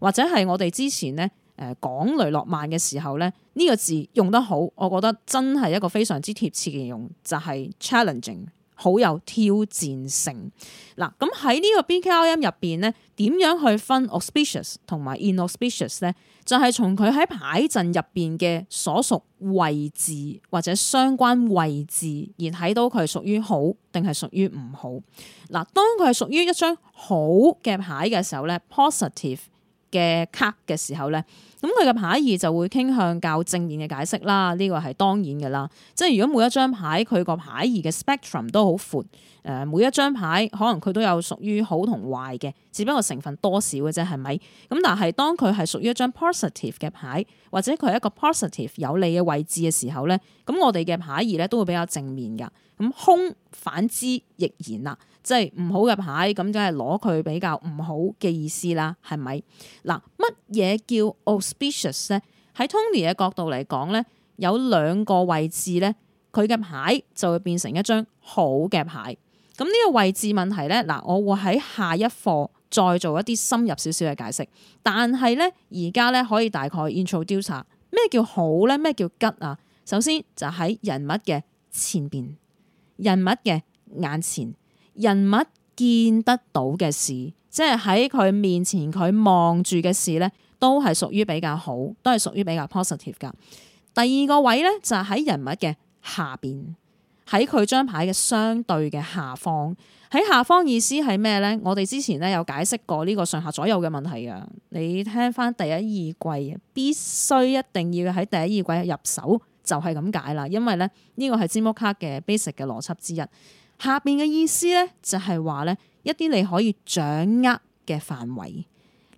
或者係我哋之前咧誒講雷諾曼嘅時候咧，呢個字用得好，我覺得真係一個非常之貼切嘅形容，就係 challenging。好有挑戰性嗱，咁喺呢個 BKM 入邊咧，點樣去分 auspicious 同埋 inauspicious 咧？就係從佢喺牌陣入邊嘅所屬位置或者相關位置而睇到佢屬於好定係屬於唔好嗱。當佢係屬於一張好嘅牌嘅時候咧，positive。嘅卡嘅時候咧，咁佢嘅牌意就會傾向較正面嘅解釋啦。呢個係當然嘅啦。即係如果每一張牌佢個牌意嘅 spectrum 都好闊，誒每一張牌可能佢都有屬於好同壞嘅，只不過成分多少嘅啫，係咪？咁但係當佢係屬於一張 positive 嘅牌，或者佢係一個 positive 有利嘅位置嘅時候咧，咁我哋嘅牌意咧都會比較正面㗎。咁空反之亦然啦。即係唔好嘅牌，咁梗係攞佢比較唔好嘅意思啦，係咪？嗱，乜嘢叫 auspicious 咧？喺 Tony 嘅角度嚟講咧，有兩個位置咧，佢嘅牌就會變成一張好嘅牌。咁呢個位置問題咧，嗱，我會喺下一課再做一啲深入少少嘅解釋。但係咧，而家咧可以大概 introduce 咩叫好咧，咩叫吉啊？首先就喺人物嘅前邊，人物嘅眼前。人物見得到嘅事，即係喺佢面前佢望住嘅事呢，都係屬於比較好，都係屬於比較 positive 噶。第二個位呢，就喺、是、人物嘅下邊，喺佢張牌嘅相對嘅下方。喺下方意思係咩呢？我哋之前呢有解釋過呢個上下左右嘅問題嘅。你聽翻第一二季，必須一定要喺第一二季入手就係、是、咁解啦，因為呢，呢個係 g e 卡嘅 basic 嘅邏輯之一。下邊嘅意思咧，就係話咧，一啲你可以掌握嘅範圍，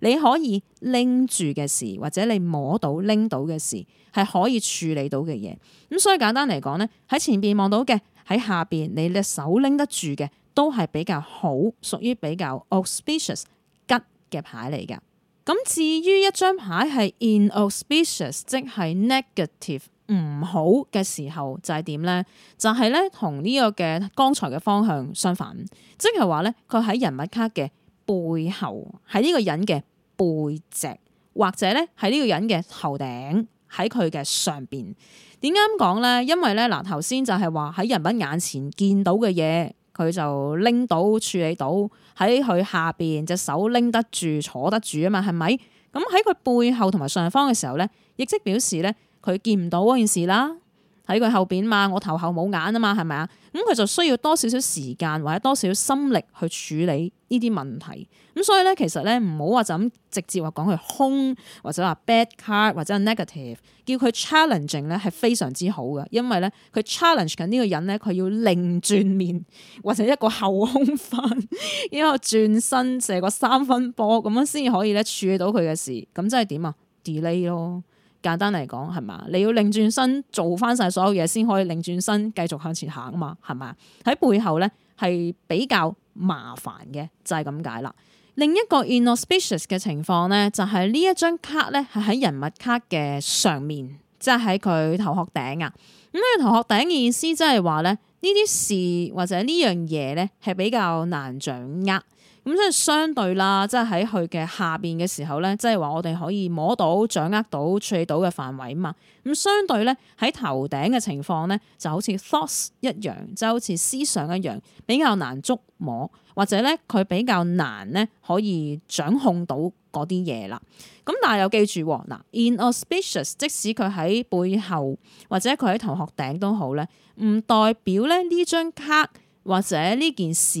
你可以拎住嘅事，或者你摸到拎到嘅事，係可以處理到嘅嘢。咁所以簡單嚟講咧，喺前邊望到嘅，喺下邊你隻手拎得住嘅，都係比較好，屬於比較 auspicious 吉嘅牌嚟嘅。咁至於一張牌係 inauspicious，即係 negative。唔好嘅時候就係點呢？就係呢，同呢個嘅剛才嘅方向相反，即係話呢，佢喺人物卡嘅背後，喺呢個人嘅背脊，或者呢，喺呢個人嘅頭頂，喺佢嘅上邊。點解咁講呢？因為呢，嗱，頭先就係話喺人物眼前見到嘅嘢，佢就拎到處理到喺佢下邊，隻手拎得住坐得住啊嘛，係咪？咁喺佢背後同埋上方嘅時候呢，亦即表示呢。佢見唔到嗰件事啦，喺佢後邊嘛，我頭後冇眼啊嘛，係咪啊？咁、嗯、佢就需要多少少時間或者多少少心力去處理呢啲問題。咁所以咧，其實咧唔好話就咁直接話講佢空，或者話 bad card 或者 negative，叫佢 challenging 咧係非常之好嘅，因為咧佢 challenge 緊呢 ch 個人咧，佢要另轉面或者一個後空翻，一 個轉身射個三分波咁樣先可以咧處理到佢嘅事。咁即係點啊？Delay 咯。簡單嚟講係嘛？你要擰轉身做翻晒所有嘢先可以擰轉身繼續向前行啊嘛？係嘛？喺背後咧係比較麻煩嘅，就係咁解啦。另一個 inauspicious 嘅情況咧，就係呢一張卡咧係喺人物卡嘅上面，即係喺佢頭殼頂啊。咁呢個頭殼頂嘅意思即係話咧呢啲事或者呢樣嘢咧係比較難掌握。咁即係相對啦，即係喺佢嘅下邊嘅時候咧，即係話我哋可以摸到、掌握到、處理到嘅範圍啊嘛。咁相對咧，喺頭頂嘅情況咧，就好似 thoughts 一樣，就好似思想一樣，比較難捉摸，或者咧佢比較難咧可以掌控到嗰啲嘢啦。咁但係又記住，嗱，inauspicious，即使佢喺背後或者佢喺頭殼頂都好咧，唔代表咧呢張卡或者呢件事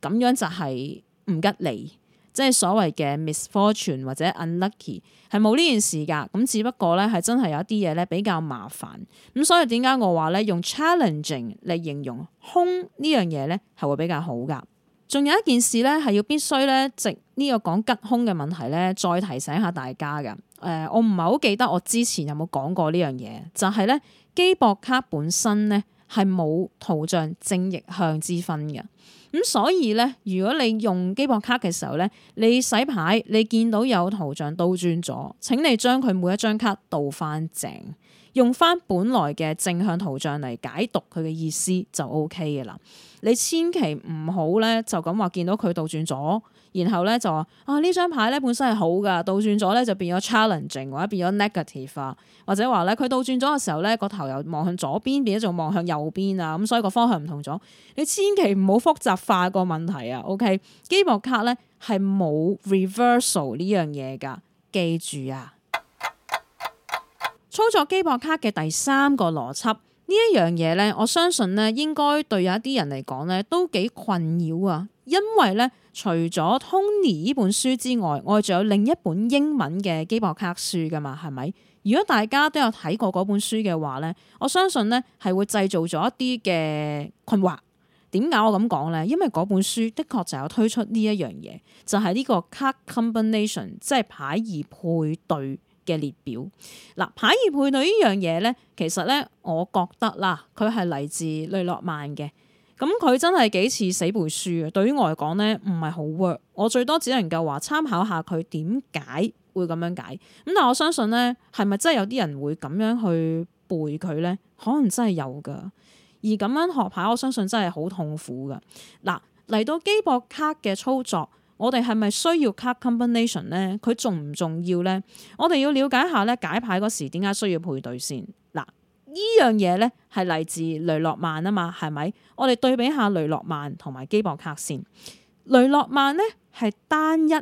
咁樣就係、是。唔吉利，即係所謂嘅 misfortune 或者 unlucky，係冇呢件事噶。咁只不過咧，係真係有一啲嘢咧，比較麻煩。咁所以點解我話咧用 challenging 嚟形容空呢樣嘢咧，係會比較好噶。仲有一件事咧，係要必須咧，直呢個講吉凶嘅問題咧，再提醒下大家噶。誒、呃，我唔係好記得我之前有冇講過呢樣嘢，就係、是、咧基博卡本身咧係冇圖像正逆向之分嘅。咁所以咧，如果你用機博卡嘅時候咧，你洗牌你見到有圖像倒轉咗，請你將佢每一張卡倒返正。用翻本來嘅正向圖像嚟解讀佢嘅意思就 O K 嘅啦。你千祈唔好咧就咁話見到佢倒轉咗，然後咧就話啊呢張牌咧本身係好噶，倒轉咗咧就變咗 challenging 或者變咗 negative 啊，或者話咧佢倒轉咗嘅時候咧個頭又望向左邊，變咗仲望向右邊啊咁，所以個方向唔同咗。你千祈唔好複雜化個問題啊。O K，基博卡咧係冇 reversal 呢樣嘢噶，記住啊！操作機博卡嘅第三個邏輯呢一樣嘢呢，我相信呢應該對有一啲人嚟講呢都幾困擾啊！因為呢除咗 Tony 呢本書之外，我仲有另一本英文嘅機博卡書噶嘛，係咪？如果大家都有睇過嗰本書嘅話呢，我相信呢係會製造咗一啲嘅困惑。點解我咁講呢？因為嗰本書的確就有推出呢一樣嘢，就係呢個 card combination，即係牌兒配對。嘅列表嗱，牌意配對呢樣嘢咧，其實咧，我覺得啦，佢係嚟自雷諾曼嘅，咁佢真係幾似死背書啊！對於我嚟講咧，唔係好 work，我最多只能夠話參考下佢點解會咁樣解。咁但係我相信咧，係咪真係有啲人會咁樣去背佢咧？可能真係有噶，而咁樣學牌，我相信真係好痛苦噶。嗱，嚟到基博卡嘅操作。我哋係咪需要 card combination 咧？佢重唔重要咧？我哋要了解下咧解牌嗰時點解需要配對先嗱？呢樣嘢咧係嚟自雷諾曼啊嘛，係咪？我哋對比下雷諾曼同埋基博卡先。雷諾曼咧係單一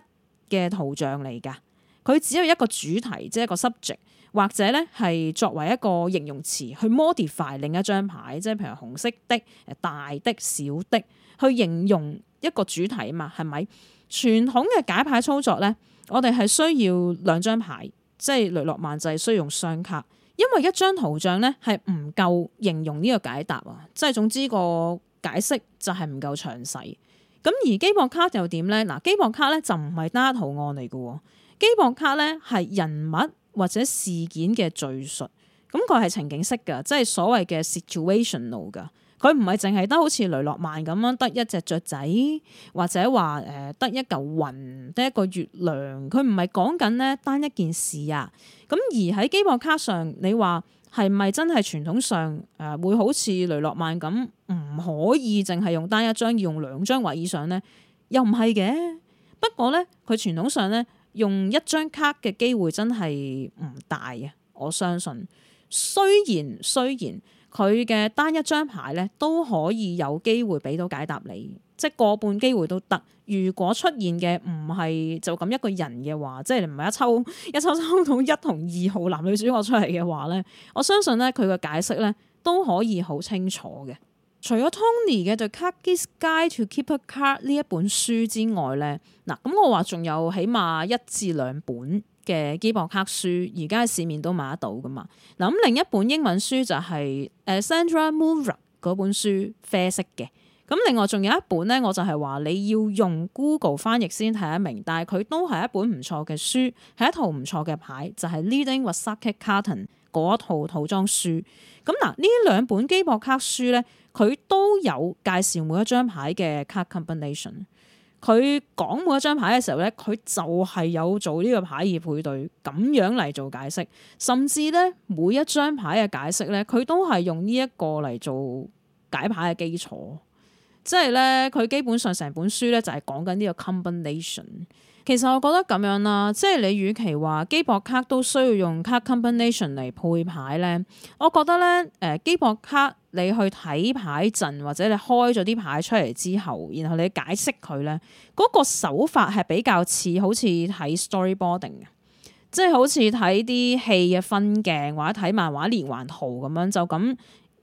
嘅圖像嚟㗎，佢只有一個主題，即係一個 subject，或者咧係作為一個形容詞去 modify 另一張牌，即係譬如紅色的、誒大的、小的，去形容一個主題啊嘛，係咪？傳統嘅解牌操作呢，我哋係需要兩張牌，即係雷諾曼就係，需要用雙卡，因為一張圖像呢係唔夠形容呢個解答啊，即係總之個解釋就係唔夠詳細。咁而基博卡又點呢？嗱，基博卡呢就唔係單圖案嚟嘅，基博卡呢係人物或者事件嘅敘述，咁佢係情景式嘅，即係所謂嘅 situational 嘅。佢唔係淨係得好似雷諾曼咁樣，得一隻雀仔或者話誒、呃，得一嚿雲，得一個月亮。佢唔係講緊咧單一件事啊。咁而喺機博卡上，你話係咪真係傳統上誒、呃、會好似雷諾曼咁，唔可以淨係用單一張，要用兩張或以上咧？又唔係嘅。不過咧，佢傳統上咧用一張卡嘅機會真係唔大呀。我相信，雖然雖然。佢嘅單一張牌咧，都可以有機會俾到解答你，即係過半機會都得。如果出現嘅唔係就咁一個人嘅話，即係你唔係一抽一抽抽到一同二號男女主角出嚟嘅話咧，我相信咧佢嘅解釋咧都可以好清楚嘅。除咗 Tony 嘅《The Cardist Guide to Keep a Card》呢一本書之外咧，嗱咁我話仲有起碼一至兩本。嘅基博卡書，而家喺市面都買得到噶嘛。嗱咁另一本英文書就係誒 Sandra Mura 嗰本書，啡色嘅。咁另外仲有一本咧，我就係話你要用 Google 翻譯先睇得明，但係佢都係一本唔錯嘅書，係一套唔錯嘅牌，就係、是、Leading 或 Sacky Carton 嗰一套套裝書。咁嗱，呢兩本基博卡書咧，佢都有介紹每一張牌嘅 card combination。佢講每一張牌嘅時候呢，佢就係有做呢個牌而配對咁樣嚟做解釋，甚至呢，每一張牌嘅解釋呢，佢都係用呢一個嚟做解牌嘅基礎。即係呢，佢基本上成本書呢就係講緊呢個 combination。其實我覺得咁樣啦，即係你與其話基博卡都需要用卡 combination 嚟配牌呢。我覺得呢，誒、呃、基博卡。你去睇牌陣或者你開咗啲牌出嚟之後，然後你解釋佢呢嗰個手法係比較似好似睇 storyboarding 嘅，即係好似睇啲戲嘅分鏡或者睇漫畫連環圖咁樣，就咁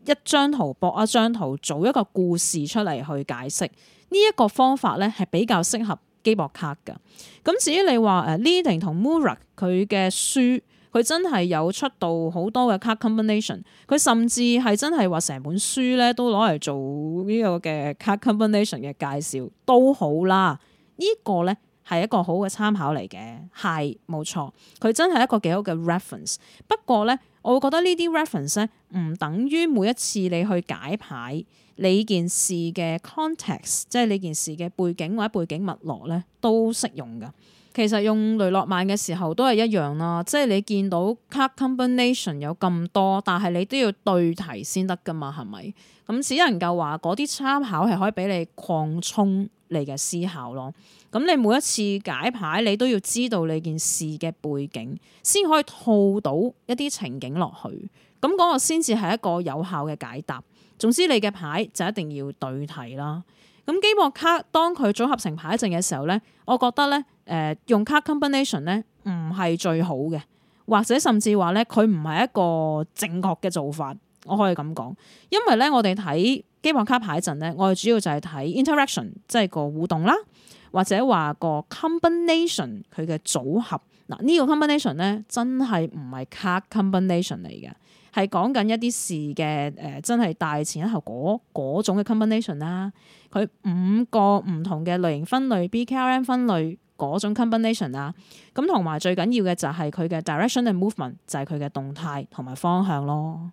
一張圖博一張圖組一個故事出嚟去解釋。呢、這、一個方法呢，係比較適合機博卡嘅。咁至於你話誒 leading 同 mura 佢嘅書。佢真係有出到好多嘅 card combination，佢甚至係真係話成本書咧都攞嚟做呢個嘅 card combination 嘅介紹都好啦，呢個咧係一個好嘅參考嚟嘅，係冇錯。佢真係一個幾好嘅 reference。不過咧，我會覺得呢啲 reference 咧唔等於每一次你去解牌，你件事嘅 context，即係你件事嘅背景或者背景脈絡咧，都適用噶。其實用雷諾曼嘅時候都係一樣啦，即係你見到 card combination 有咁多，但係你都要對題先得噶嘛，係咪？咁只能夠話嗰啲參考係可以俾你擴充你嘅思考咯。咁你每一次解牌，你都要知道你件事嘅背景，先可以套到一啲情景落去。咁、那、嗰個先至係一個有效嘅解答。總之你嘅牌就一定要對題啦。咁基博卡當佢組合成牌陣嘅時候咧，我覺得咧。誒用卡 combination 咧，唔係最好嘅，或者甚至話咧，佢唔係一個正確嘅做法，我可以咁講，因為咧，我哋睇基本卡牌陣咧，我哋主要就係睇 interaction，即係個互動啦，或者話個 combination 佢嘅組合嗱呢、這個 combination 咧，真係唔係卡 combination 嚟嘅，係講緊一啲事嘅誒，真係大前後果嗰種嘅 combination 啦。佢五個唔同嘅類型分類，B K R M 分類。嗰種 combination 啊，咁同埋最緊要嘅就係佢嘅 direction and movement，就係佢嘅動態同埋方向咯。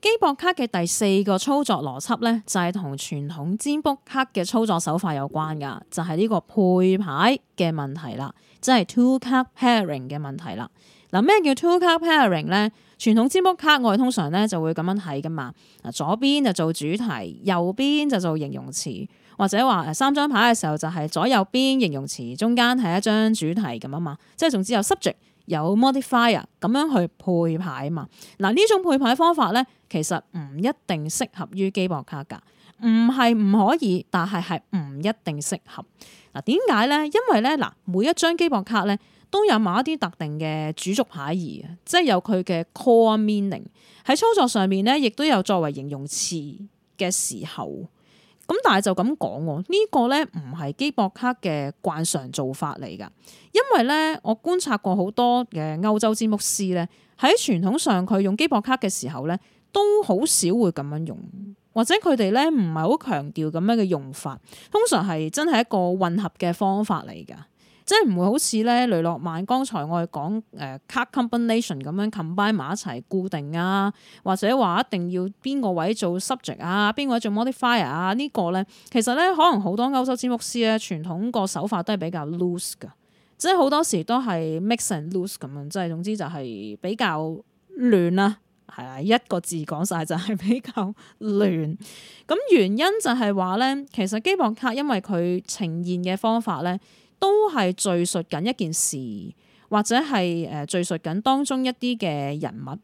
機博卡嘅第四個操作邏輯呢，就係同傳統占卜卡嘅操作手法有關噶，就係呢個配牌嘅問題啦，即係 two card pairing 嘅問題啦。嗱，咩叫 two card pairing 呢？傳統占卜卡我哋通常呢就會咁樣睇噶嘛，嗱，左邊就做主題，右邊就做形容詞。或者話三張牌嘅時候，就係左右邊形容詞，中間係一張主題咁啊嘛，即係總之有 subject 有 modifier 咁樣去配牌啊嘛。嗱呢種配牌方法咧，其實唔一定適合於機博卡㗎，唔係唔可以，但係係唔一定適合。嗱點解咧？因為咧嗱每一張機博卡咧都有某一啲特定嘅主軸牌義啊，即係有佢嘅 core meaning 喺操作上面咧，亦都有作為形容詞嘅時候。咁但係就咁講喎，呢個咧唔係機博卡嘅慣常做法嚟噶，因為咧我觀察過好多嘅歐洲占卜師咧，喺傳統上佢用機博卡嘅時候咧，都好少會咁樣用，或者佢哋咧唔係好強調咁樣嘅用法，通常係真係一個混合嘅方法嚟噶。即係唔會好似咧雷諾曼剛才我哋講誒 card combination 咁樣 combine 埋一齊固定啊，或者話一定要邊個位做 subject 啊，邊個位做 modifier 啊？呢個咧其實咧可能好多歐洲占卜師咧傳統個手法都係比較 loose 噶，即係好多時都係 mix and loose 咁樣，即係總之就係比較亂啊，係啊一個字講晒就係比較亂。咁、嗯、原因就係話咧，其實基博卡因為佢呈現嘅方法咧。都係敘述緊一件事，或者係誒敘述緊當中一啲嘅人物，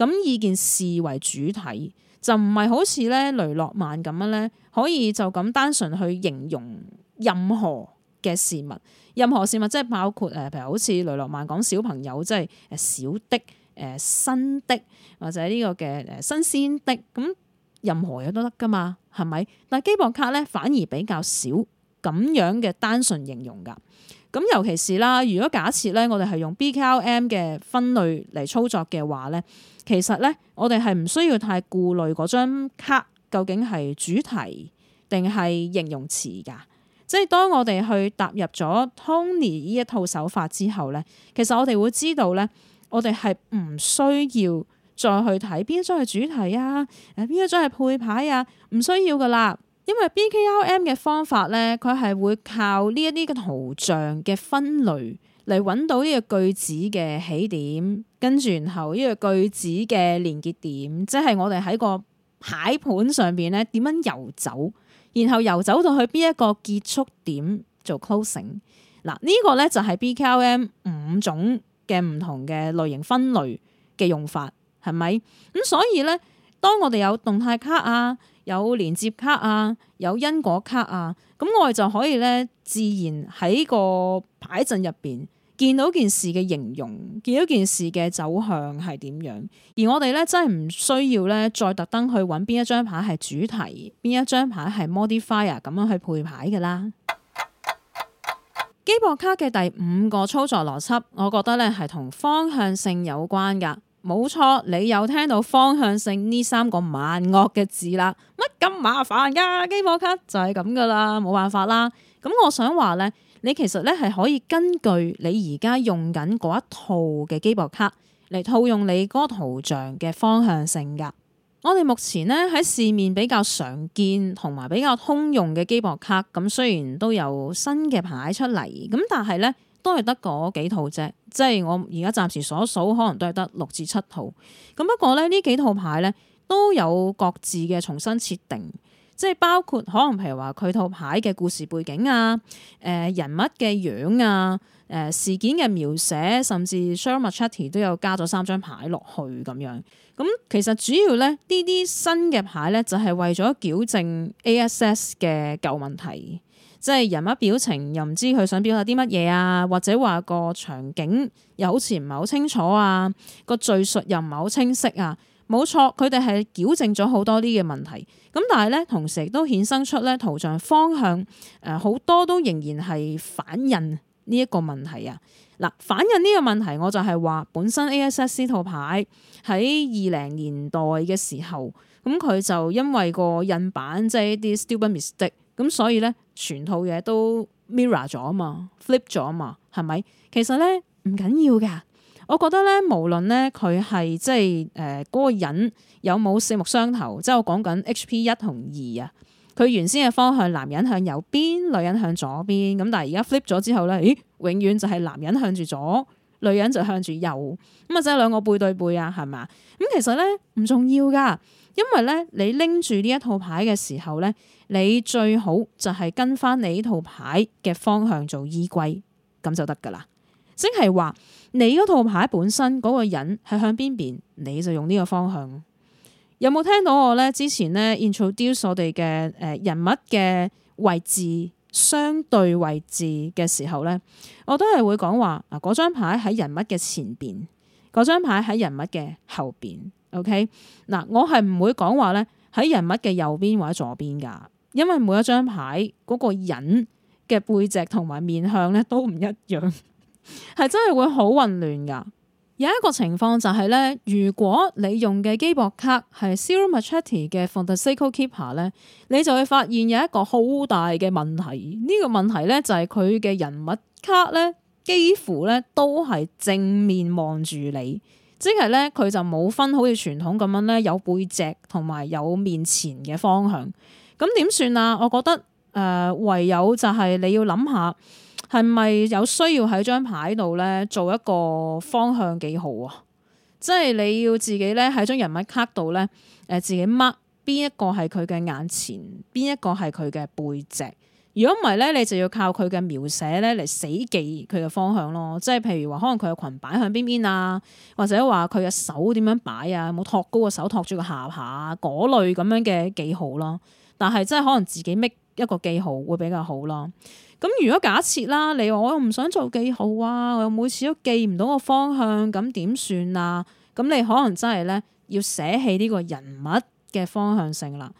咁以件事為主體，就唔係好似咧雷諾曼咁樣咧，可以就咁單純去形容任何嘅事物，任何事物即係包括誒，譬如好似雷諾曼講小朋友，即係誒小的、誒新的或者呢個嘅誒新鮮的，咁任何嘢都得㗎嘛，係咪？但係基博卡咧反而比較少。咁樣嘅單純形容㗎，咁尤其是啦，如果假設咧，我哋係用 BKLM 嘅分類嚟操作嘅話咧，其實咧，我哋係唔需要太顧慮嗰張卡究竟係主題定係形容詞㗎。即係當我哋去踏入咗 Tony 呢一套手法之後咧，其實我哋會知道咧，我哋係唔需要再去睇邊一張係主題啊，誒邊一張係配牌啊，唔需要㗎啦。因為 BKLM 嘅方法咧，佢係會靠呢一啲嘅圖像嘅分類嚟搵到呢個句子嘅起點，跟住然後呢個句子嘅連結點，即係我哋喺個牌盤上邊咧點樣遊走，然後遊走到去邊一個結束點做 closing。嗱，呢個咧就係 BKLM 五種嘅唔同嘅類型分類嘅用法，係咪？咁所以咧，當我哋有動態卡啊。有連接卡啊，有因果卡啊，咁我哋就可以咧，自然喺個牌陣入邊見到件事嘅形容，見到件事嘅走向係點樣，而我哋咧真係唔需要咧，再特登去揾邊一張牌係主題，邊一張牌係 modifier 咁樣去配牌噶啦。機 博卡嘅第五個操作邏輯，我覺得咧係同方向性有關噶。冇錯，你有聽到方向性呢三個萬惡嘅字啦，乜咁麻煩噶？機博卡就係咁噶啦，冇辦法啦。咁我想話咧，你其實咧係可以根據你而家用緊嗰一套嘅機博卡嚟，套用你嗰個圖像嘅方向性噶。我哋目前呢喺市面比較常見同埋比較通用嘅機博卡，咁雖然都有新嘅牌出嚟，咁但係咧。都係得嗰幾套啫，即係我而家暫時所數、數，可能都係得六至七套。咁不過咧，呢幾套牌咧都有各自嘅重新設定，即係包括可能譬如話佢套牌嘅故事背景啊、誒、呃、人物嘅樣啊、誒、呃、事件嘅描寫，甚至 Shermachetty 都有加咗三張牌落去咁樣。咁其實主要咧，呢啲新嘅牌咧就係、是、為咗矯正 ASS 嘅舊問題。即係人物表情又唔知佢想表達啲乜嘢啊，或者話個場景又好似唔係好清楚啊，個敘述又唔係好清晰啊，冇錯，佢哋係矯正咗好多啲嘅問題。咁但係咧，同時亦都衍生出咧圖像方向誒，好、呃、多都仍然係反印呢一個問題啊。嗱，反印呢個問題，我就係話本身 ASSC 套牌喺二零年代嘅時候，咁佢就因為個印版即係一啲 stupid mistake，咁所以咧。全套嘢都 mirror 咗嘛，flip 咗嘛，係咪？其實咧唔緊要噶，我覺得咧，無論咧佢係即係誒嗰個人有冇四目相投，即係我講緊 HP 一同二啊，佢原先嘅方向，男人向右邊，女人向左邊，咁但係而家 flip 咗之後咧，咦，永遠就係男人向住左，女人就向住右，咁啊，即係兩個背對背啊，係咪？咁其實咧唔重要噶，因為咧你拎住呢一套牌嘅時候咧。你最好就係跟翻你呢套牌嘅方向做依歸，咁就得噶啦。即係話你嗰套牌本身嗰個人係向邊邊，你就用呢個方向。有冇聽到我呢？之前呢，introduce 我哋嘅誒人物嘅位置相對位置嘅時候呢，我都係會講話嗱，嗰張牌喺人物嘅前邊，嗰張牌喺人物嘅後邊。OK 嗱，我係唔會講話呢，喺人物嘅右邊或者左邊噶。因為每一張牌嗰、那個人嘅背脊同埋面向咧都唔一樣，係 真係會好混亂噶。有一個情況就係、是、咧，如果你用嘅機博卡係 Siro Mattetti 嘅 Fantasy Keeper 咧，你就會發現有一個好大嘅問題。呢、這個問題咧就係佢嘅人物卡咧幾乎咧都係正面望住你，即係咧佢就冇分好似傳統咁樣咧有背脊同埋有面前嘅方向。咁點算啊？我覺得誒、呃，唯有就係你要諗下，係咪有需要喺張牌度呢做一個方向記號啊？即係你要自己呢喺張人物卡度呢，誒自己 mark 邊一個係佢嘅眼前，邊一個係佢嘅背脊。如果唔係呢，你就要靠佢嘅描寫呢嚟死記佢嘅方向咯。即係譬如話，可能佢嘅裙擺向邊邊啊，或者話佢嘅手點樣擺啊，有冇托高個手托住個下巴啊，嗰類咁樣嘅記號咯。但係真係可能自己搣一個記號會比較好咯。咁如果假設啦，你話我又唔想做記號啊，我又每次都記唔到個方向，咁點算啊？咁你可能真係咧要捨棄呢個人物嘅方向性啦。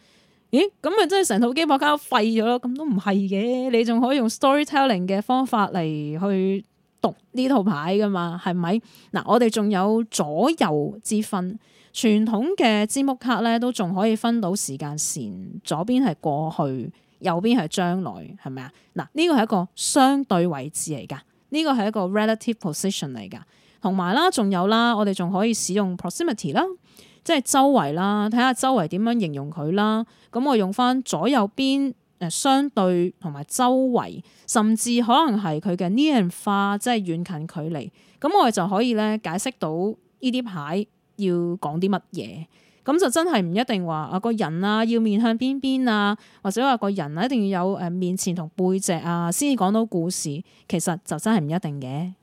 咦？咁咪真係成套機博膠廢咗咯？咁都唔係嘅，你仲可以用 storytelling 嘅方法嚟去讀呢套牌噶嘛？係咪？嗱，我哋仲有左右之分。傳統嘅字幕卡咧，都仲可以分到時間線，左邊係過去，右邊係將來，係咪啊？嗱，呢個係一個相對位置嚟㗎，呢個係一個 relative position 嚟㗎。同埋啦，仲有啦，我哋仲可以使用 proximity 啦，即係周圍啦，睇下周圍點樣形容佢啦。咁我用返左右邊誒、呃、相對同埋周圍，甚至可能係佢嘅 nearness 即係遠近距離。咁我哋就可以咧解釋到呢啲牌。要講啲乜嘢，咁就真係唔一定話啊，個人啊要面向邊邊啊，或者話個人啊一定要有誒、呃、面前同背脊啊先至講到故事，其實就真係唔一定嘅。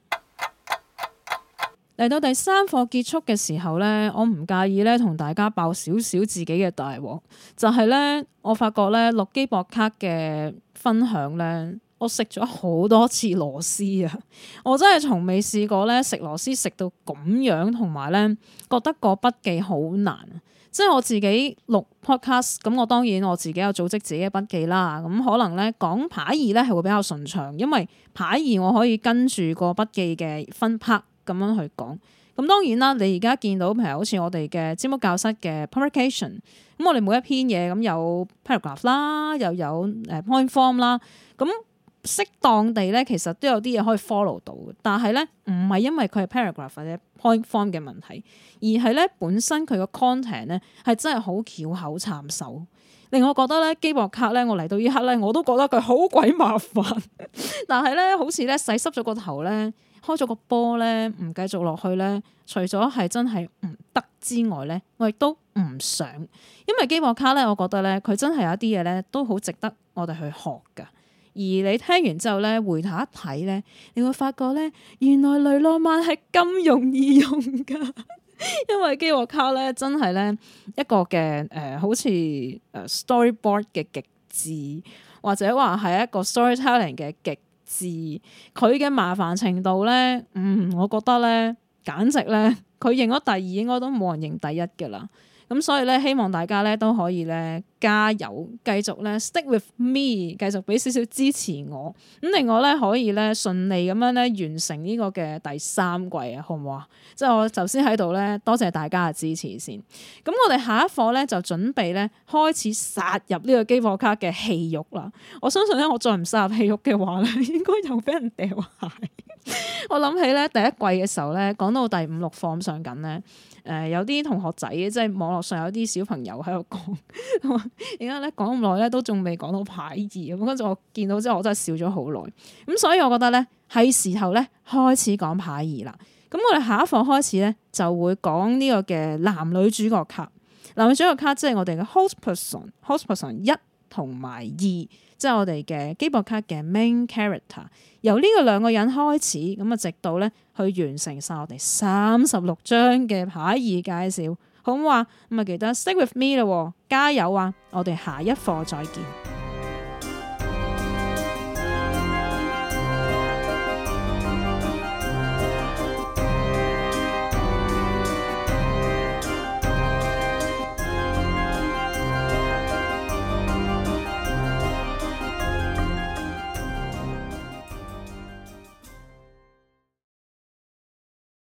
嚟 到第三課結束嘅時候呢，我唔介意呢同大家爆少少自己嘅大鑊，就係、是、呢，我發覺呢，洛基博卡嘅分享呢。我食咗好多次螺絲啊！我真係從未試過咧食螺絲食到咁樣，同埋咧覺得個筆記好難。即係我自己錄 podcast，咁我當然我自己有組織自己嘅筆記啦。咁可能咧講牌二咧係會比較順暢，因為牌二我可以跟住個筆記嘅分 part 咁樣去講。咁當然啦，你而家見到譬如好似我哋嘅尖屋教室嘅 publication，咁我哋每一篇嘢咁有 paragraph 啦，又有誒 point form 啦，咁。適當地咧，其實都有啲嘢可以 follow 到嘅，但係咧唔係因為佢係 paragraph 或者 point form 嘅問題，而係咧本身佢個 content 咧係真係好巧口參手，令我覺得咧基博卡咧，我嚟到呢一刻咧我都覺得佢好鬼麻煩，但係咧好似咧洗濕咗個頭咧，開咗個波咧，唔繼續落去咧，除咗係真係唔得之外咧，我亦都唔想，因為基博卡咧，我覺得咧佢真係有一啲嘢咧都好值得我哋去學㗎。而你聽完之後咧，回頭一睇咧，你會發覺咧，原來雷諾曼係咁容易用噶， 因為基諾卡咧真係咧一個嘅，誒、呃，好似誒 storyboard 嘅極致，或者話係一個 storytelling 嘅極致，佢嘅麻煩程度咧，嗯，我覺得咧簡直咧，佢認咗第二，應該都冇人認第一噶啦。咁所以咧，希望大家咧都可以咧加油，繼續咧 stick with me，繼續俾少少支持我。咁令我咧，可以咧順利咁樣咧完成呢個嘅第三季啊，好唔好啊？即係我就先喺度咧，多謝大家嘅支持先。咁我哋下一課咧就準備咧開始殺入呢個機貨卡嘅戲肉啦。我相信咧，我再唔殺入戲肉嘅話咧， 應該又俾人掉鞋。 我諗起咧第一季嘅時候咧，講到第五六課咁上緊咧。誒、呃，有啲同學仔即係網絡上有啲小朋友喺度講，點解咧講咁耐咧都仲未講到牌二咁？跟住我見到之後，我真係笑咗好耐。咁所以我覺得咧，係時候咧開始講牌二啦。咁我哋下一課開始咧就會講呢個嘅男女主角卡。男女主角卡即係我哋嘅 host person，host person 一 person。同埋二，2, 即係我哋嘅基博卡嘅 main character，由呢個兩個人開始，咁啊直到呢，去完成晒我哋三十六張嘅牌義介紹，好唔好啊？咁啊記得 stay with me 咯、哦，加油啊！我哋下一課再見。